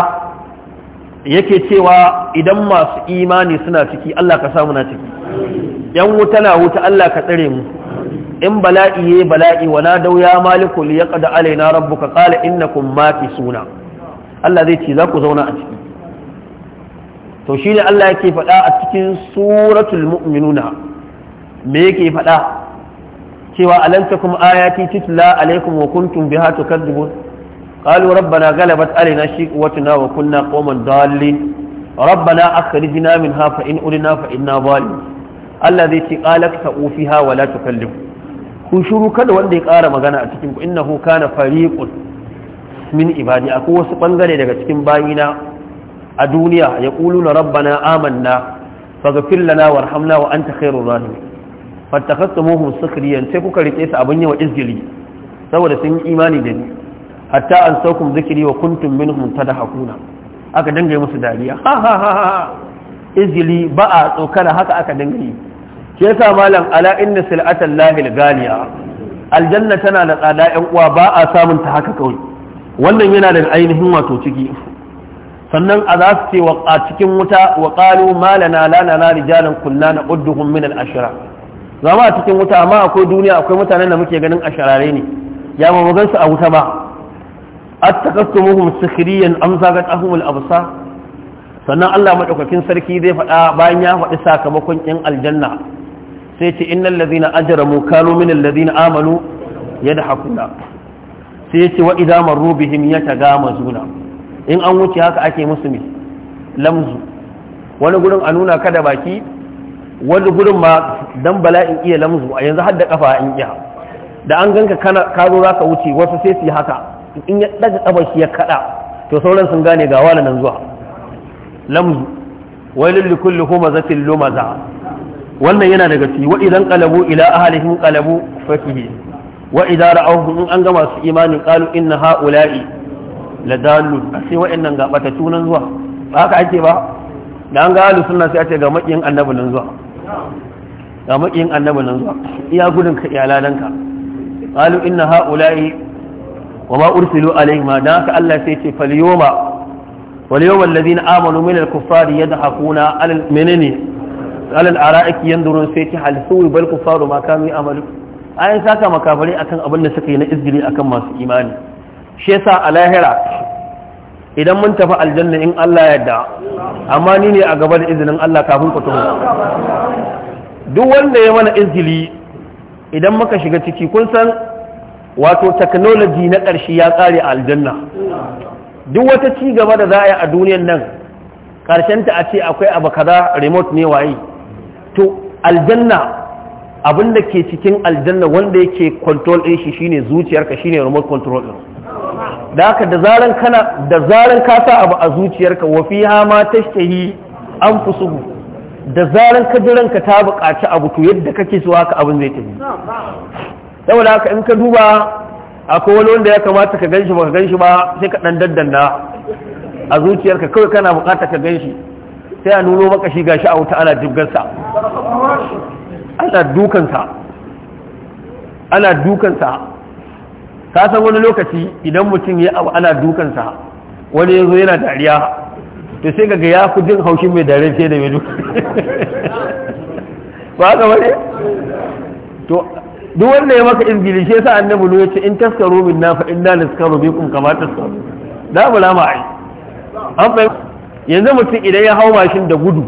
yake cewa idan masu imani suna ciki Allah ka samu na ciki yan wuta na wuta Allah ka tsare mu in bala'i ya bala'i wana dau ya maliku li yaqda alaina rabbuka qala innakum suna. Allah zai ce za ku zauna a ciki to ne Allah yake faɗa a cikin suratul mu'minuna me yake faɗa cewa alam takum ayati tutla alaikum wa kuntum biha tukadzibun qalu rabbana galabat alaina shiqwatuna wa kunna qauman dallin ربنا أخرجنا منها فإن أرنا فإنا ظالمون الذي تقالك تؤفيها ولا Kun كشرو kada wanda ya ƙara magana a cikin ku innahu kana fariqun min ibadi akwai wasu bangare daga cikin bayina a duniya ya na rabbana amanna faghfir lana warhamna wa anta khairur rahimin fattakhasumuhum sukriyan sai kuka rike su abin yawa izgili saboda sun yi imani da ni hatta an saukum zikri wa kuntum minhum tadhakuna aka dinga musu dariya ha ha ha izgili ba a tsokana haka aka dinga yi ke sa malam ala inna sil'atan lahil galiya aljanna tana da tsada yan uwa ba a samun ta haka kawai wannan yana da ainihin wato ciki sannan a za su ce a cikin wuta wa qalu malana lana la rijalan kunna na min al-ashra zama a cikin wuta amma akwai duniya akwai mutanen da muke ganin a sharare ne ya ba mu a wuta ba attakastumuhum sikhriyan am zagat ahumul abusa. sannan Allah madaukakin sarki zai faɗa bayan ya faɗi sakamakon yan aljanna sai ce innal ladina ajramu kanu min alladina amanu yadhakuna sai ce wa idza marru bihim yatagamazuna in an wuce haka ake musu lamzu wani gurin a nuna kada baki wani gurin ma Bala bala'in iya lamzu a yanzu har da kafa in iya da an ganka kana ka zo ka wuce wasu sai su yi haka in ya daga kafar shi ya kada to sauran sun gane ga wala nan zuwa lamzu wailul zafin humazatin za wannan yana daga ciki wa idan kalabu ila ahlihim kalabu fakihi wa idan ra'awhum in an ga masu imanin qalu inna haula'i A sai wa'annan ga tunan zuwa ba haka ake ba da an ga ahlus sunna sai a ce ga makiyin annabi nan zuwa ga makiyin annabi nan zuwa iya gudun ka iyaladan ka qalu inna haula'i wa ma ursilu alaihim da haka Allah sai ce fal yawma wal yawma alladhina amanu min al kuffari yadhakuna al menene al ara'ik yandurun sai ce hal suwi bal kuffaru ma kanu ya'malu ayin saka makafari akan abin da suka yi na izgiri akan masu imani shi yasa a lahira idan mun tafi aljanna in Allah ya da amma ni ne a gaba da izinin Allah kafin ku tuhu duk wanda ya mana izgili idan muka shiga ciki kun san wato technology na ƙarshe ya tsare a aljanna duk wata ci gaba da za a yi a duniyar nan ƙarshen ta a ce akwai abu kaza remote ne waye to aljanna abin da ke cikin aljanna wanda yake control ɗin shi shine zuciyarka shine remote control ɗin da haka da zaran kana da zaran ka sa abu a zuciyarka wa fiha ma tashtahi fusuhu da zaran ka ji ka ta buƙaci abu to yadda kake so haka abin zai tafi saboda haka in ka duba akwai wani wanda ya kamata ka ganshi ba ka ganshi ba sai ka dan daddanna a zuciyarka kawai kana buƙata ka ganshi sai a nuno maka shi gashi a wuta ana dubgarsa ana dukansa ana dukansa ka san wani lokaci idan mutum ya abu ana dukansa wani ya yana dariya to sai ga ya fi jin haushin mai dariya fiye da mai duka ba haka wani to duk wanda ya maka izgili shi yasa annabi ne yace in taskaru min na fa inna naskaru bikum kama taskaru da mu lama ai an fa yanzu mutum idan ya hau mashin da gudu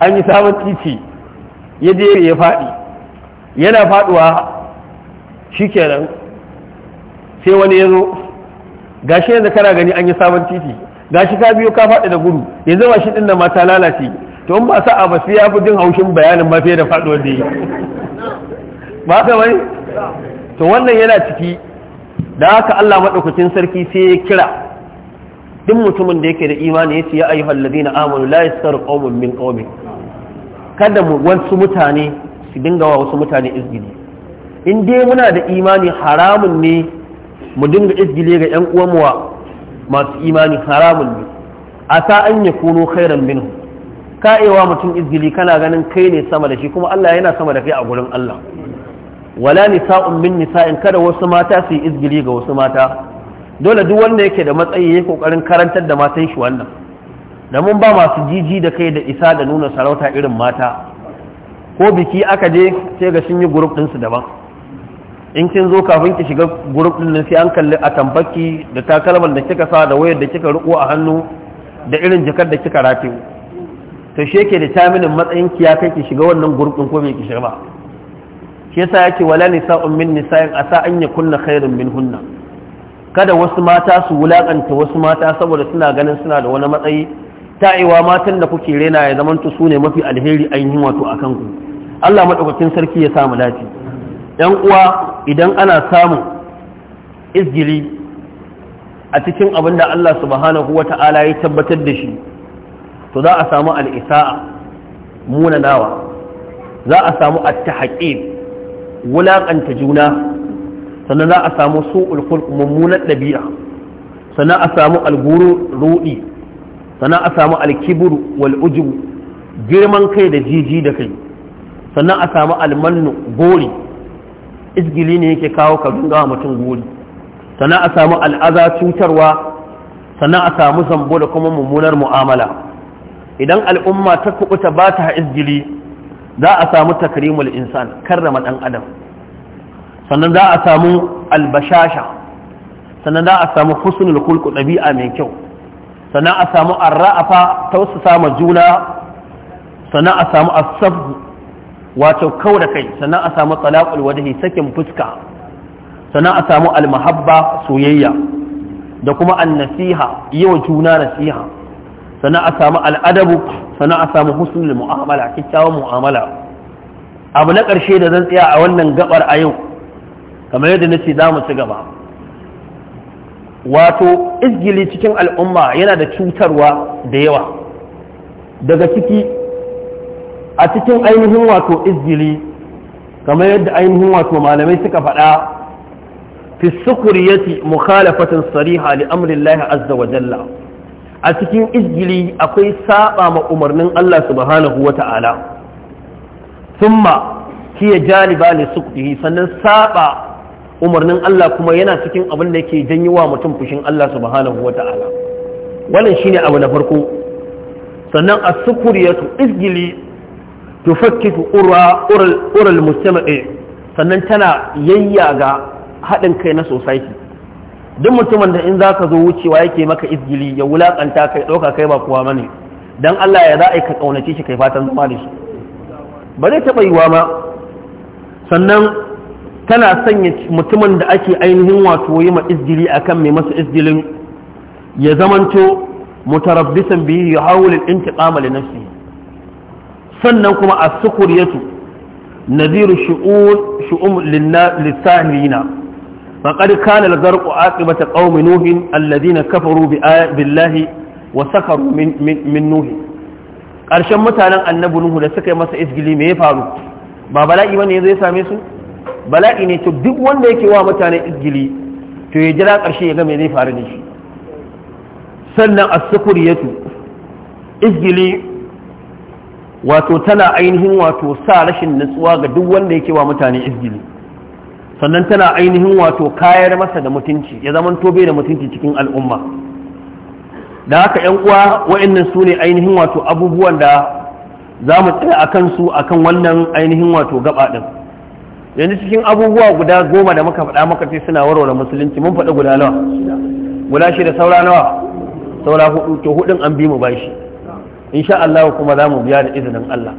an yi sabon titi ya je ya faɗi yana faɗuwa shi kenan. sai wani ya zo gashi yanzu kana gani an yi sabon titi gashi ka biyo ka faɗi da gudu yanzu ba shi ɗin da mata lalace to in ba sa'a ba sai ya fi jin haushin bayanin ba fiye da faɗuwar da yi ba ka bai to wannan yana ciki da haka Allah madaukakin sarki sai ya kira duk mutumin da yake da imani yace ya ayyuhal ladina amanu la yasar qawmun min qawmi kada mu wasu mutane su dinga wa wasu mutane izgili in dai muna da imani haramun ne mu dinga izgile ga yan uwanmu wa masu imani haramun ne asa an ya kuno khairan min kaewa mutum izgili kana ganin kai ne sama da shi kuma Allah yana sama da kai a gurin Allah wala nisa'un min nisa'in kada wasu mata su yi izgili ga wasu mata dole duk wanda yake da matsayi yake kokarin karantar da matan shi wannan da mun ba masu jiji da kai da isa da nuna sarauta irin mata ko biki aka je sai ga sun yi din ɗinsu daban in kin zo kafin ki shiga group din sai an kalli a tambaki da takalmar da kika sa da wayar da kika riko a hannu da irin jakar da kika rafi to shi yake da taminin matsayin ki ya kai ki shiga wannan group din ko me ki shiga ba shi yasa yake wala nisa'un min nisa'in asa an yakunna khairun min hunna kada wasu mata su wulakanta wasu mata saboda suna ganin suna da wani matsayi ta ta'iwa matan da kuke rena ya zamanta su ne mafi alheri ainihin wato akan ku Allah madaukakin sarki ya sa mu dace yan uwa idan ana samun izgili a cikin abin da Allah subhanahu ta'ala ya tabbatar da shi to za a samu al'isa'a munanawa za a samu attahaƙi wulaƙanta juna sannan za a samu su'ul khulq mummunan ɗabi'a sannan a samu alguru ruɗi sannan a samu alkibru wal girman kai da jiji da kai sannan a samu almannu gori izgili ne yake kawo ka dunga mutum guri sannan a samu al'aza cutarwa sannan a samu zambo da kuma mummunar mu'amala idan al'umma ta kubuta ba ta izgili za a samu takrimul insan karrama dan adam sannan za a samu albashasha sannan za a samu husnul khulq dabi'a mai kyau sannan a samu arra'afa tausasa ma juna sannan a samu asabu wato kau da kai sannan a samu talaqul wajhi sakin fuska sannan a samu almahabba soyayya da kuma annasiha yawa juna nasiha sannan a samu al'adabu sannan a samu husnul mu'amala kyakkyawan mu'amala abu na ƙarshe da zan tsaya a wannan gabar a yau kamar yadda na ce za mu ci gaba wato izgili cikin al'umma yana da cutarwa da yawa daga ciki a cikin ainihin wato izgili kamar yadda ainihin wato malamai suka faɗa fi sukuri ya ci mukhalafatin sariha li amrillahi azza wa jalla a cikin izgili akwai saba ma umarnin Allah subhanahu wa ta'ala thumma hiya jaliba ne sukrihi sannan saba umarnin Allah kuma yana cikin abin da ke janyi wa mutum fushin Allah subhanahu wa ta'ala wannan shine abu na farko sannan a ya sukuriyatu izgili tufakkifu ural mustama'i sannan tana yayyaga haɗin kai na society duk mutumin da in zaka zo wucewa yake maka izgili ya wulakanta kai ɗauka kai ba kuwa mane dan Allah ya za a ka kaunace shi kai fatan zama da shi ba zai taɓa yiwa ma sannan tana sanya mutumin da ake ainihin wato yi ma izgili akan mai masa izgilin ya zamanto mutarabbisan biyu ya hawulin intiqama li nafsihi sannan kuma a sukuriyatu naziru shu'um lissahirina faƙar kana lagarku aƙibata ƙaumi nuhin alladina kafaru billahi wa sakaru min nuhi ƙarshen mutanen annabi nuhu da suka yi masa isgili me ya faru ba bala'i bane zai same su bala'i ne to duk wanda yake wa mutane isgili to ya jira ƙarshe ya ga me zai faru da shi sannan as-sukuriyatu isgili wato tana ainihin wato sa rashin nutsuwa ga duk wanda yake wa mutane izgili sannan tana ainihin wato kayar masa da mutunci ya zama tobe da mutunci cikin al'umma da haka yan uwa wa'annan su ne ainihin wato abubuwan da za mu tsaya a kansu a kan wannan ainihin wato gaba ɗin yanzu cikin abubuwa guda goma da muka faɗa maka ce suna warware musulunci mun faɗi guda nawa guda shida saura nawa saura hudu to hudun an bi mu bashi In sha Allah kuma za mu biya da izinin Allah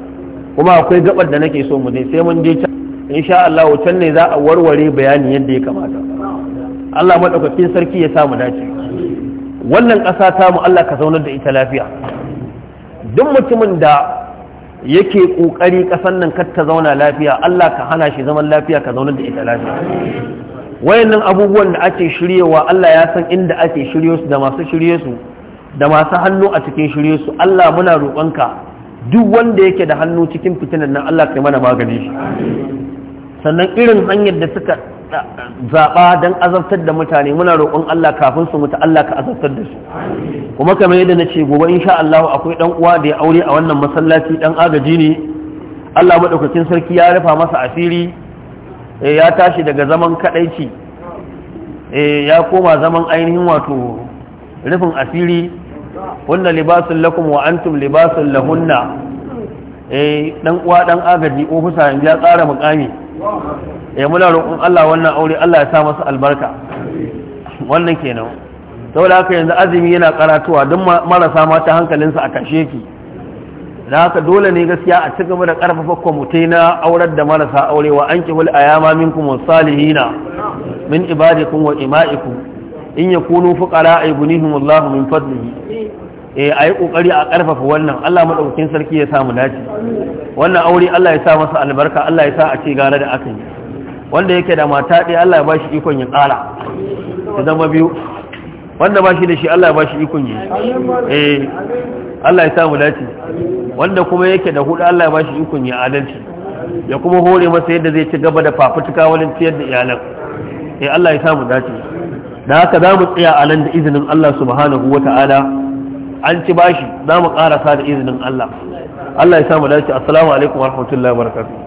kuma akwai gabar da nake so mu je sai mun je can In sha Allah can ne za a warware bayani yadda ya kamata Allah madaukakin sarki ya sa dace wannan ƙasa ta mu Allah ka zaunar da ita lafiya duk mutumin da yake ƙoƙari ƙasan nan kar ta zauna lafiya Allah ka hana shi zaman lafiya ka zaunar da ita lafiya wayannan abubuwan da ake shiryewa Allah ya san inda ake shiryo su da masu shiryo su da masu hannu a cikin shirye su Allah muna roƙonka duk wanda yake da hannu cikin fitinan nan Allah kai mana magani sannan irin hanyar da suka zaɓa don azabtar da mutane muna roƙon Allah kafin su mutu Allah ka azabtar da su kuma kamar yadda na ce gobe insha Allah akwai dan uwa da ya aure a wannan masallaci dan agaji ne Allah maɗaukakin sarki ya rufa masa asiri eh, ya tashi daga zaman kaɗaici eh, ya koma zaman ainihin wato rufin asiri hunna libasun lakum wa antum libasun lahunna eh dan uwa dan agaji ofisa yanzu ya tsara mukami eh muna roƙon Allah wannan aure Allah ya sa masa albarka wannan kenan saboda haka yanzu azumi yana karatuwa don marasa mata hankalinsa a kashe ki da haka dole ne gaskiya a cigaba da karfafa kwamitai na aurar da marasa aurewa wa anki a ayama minkum salihina, min ibadikum wa ima'ikum in yakunu fuqara aybunihim Allahu min fadlihi eh ayi kokari a karfafa wannan Allah madaukakin sarki ya sa mu dace wannan aure Allah ya sa masa albarka Allah ya sa a ce gara da aka yi wanda yake da mata ɗaya Allah ya ba shi ikon ya ƙara ya zama biyu wanda ba shi da shi Allah ya ba shi ikon ya eh Allah ya sa mu dace wanda kuma yake da hudu Allah ya ba shi ikon ya adalci ya kuma hore masa yadda zai ci gaba da fafutuka wajen ciyar da iyalan eh Allah ya sa mu dace da haka za mu tsaya a nan da izinin Allah subhanahu wata'ala an ci bashi za mu ƙarasa da izinin Allah
Allah ya samu mu dace assalamu alaikum warahmatullahi
wabarakatuh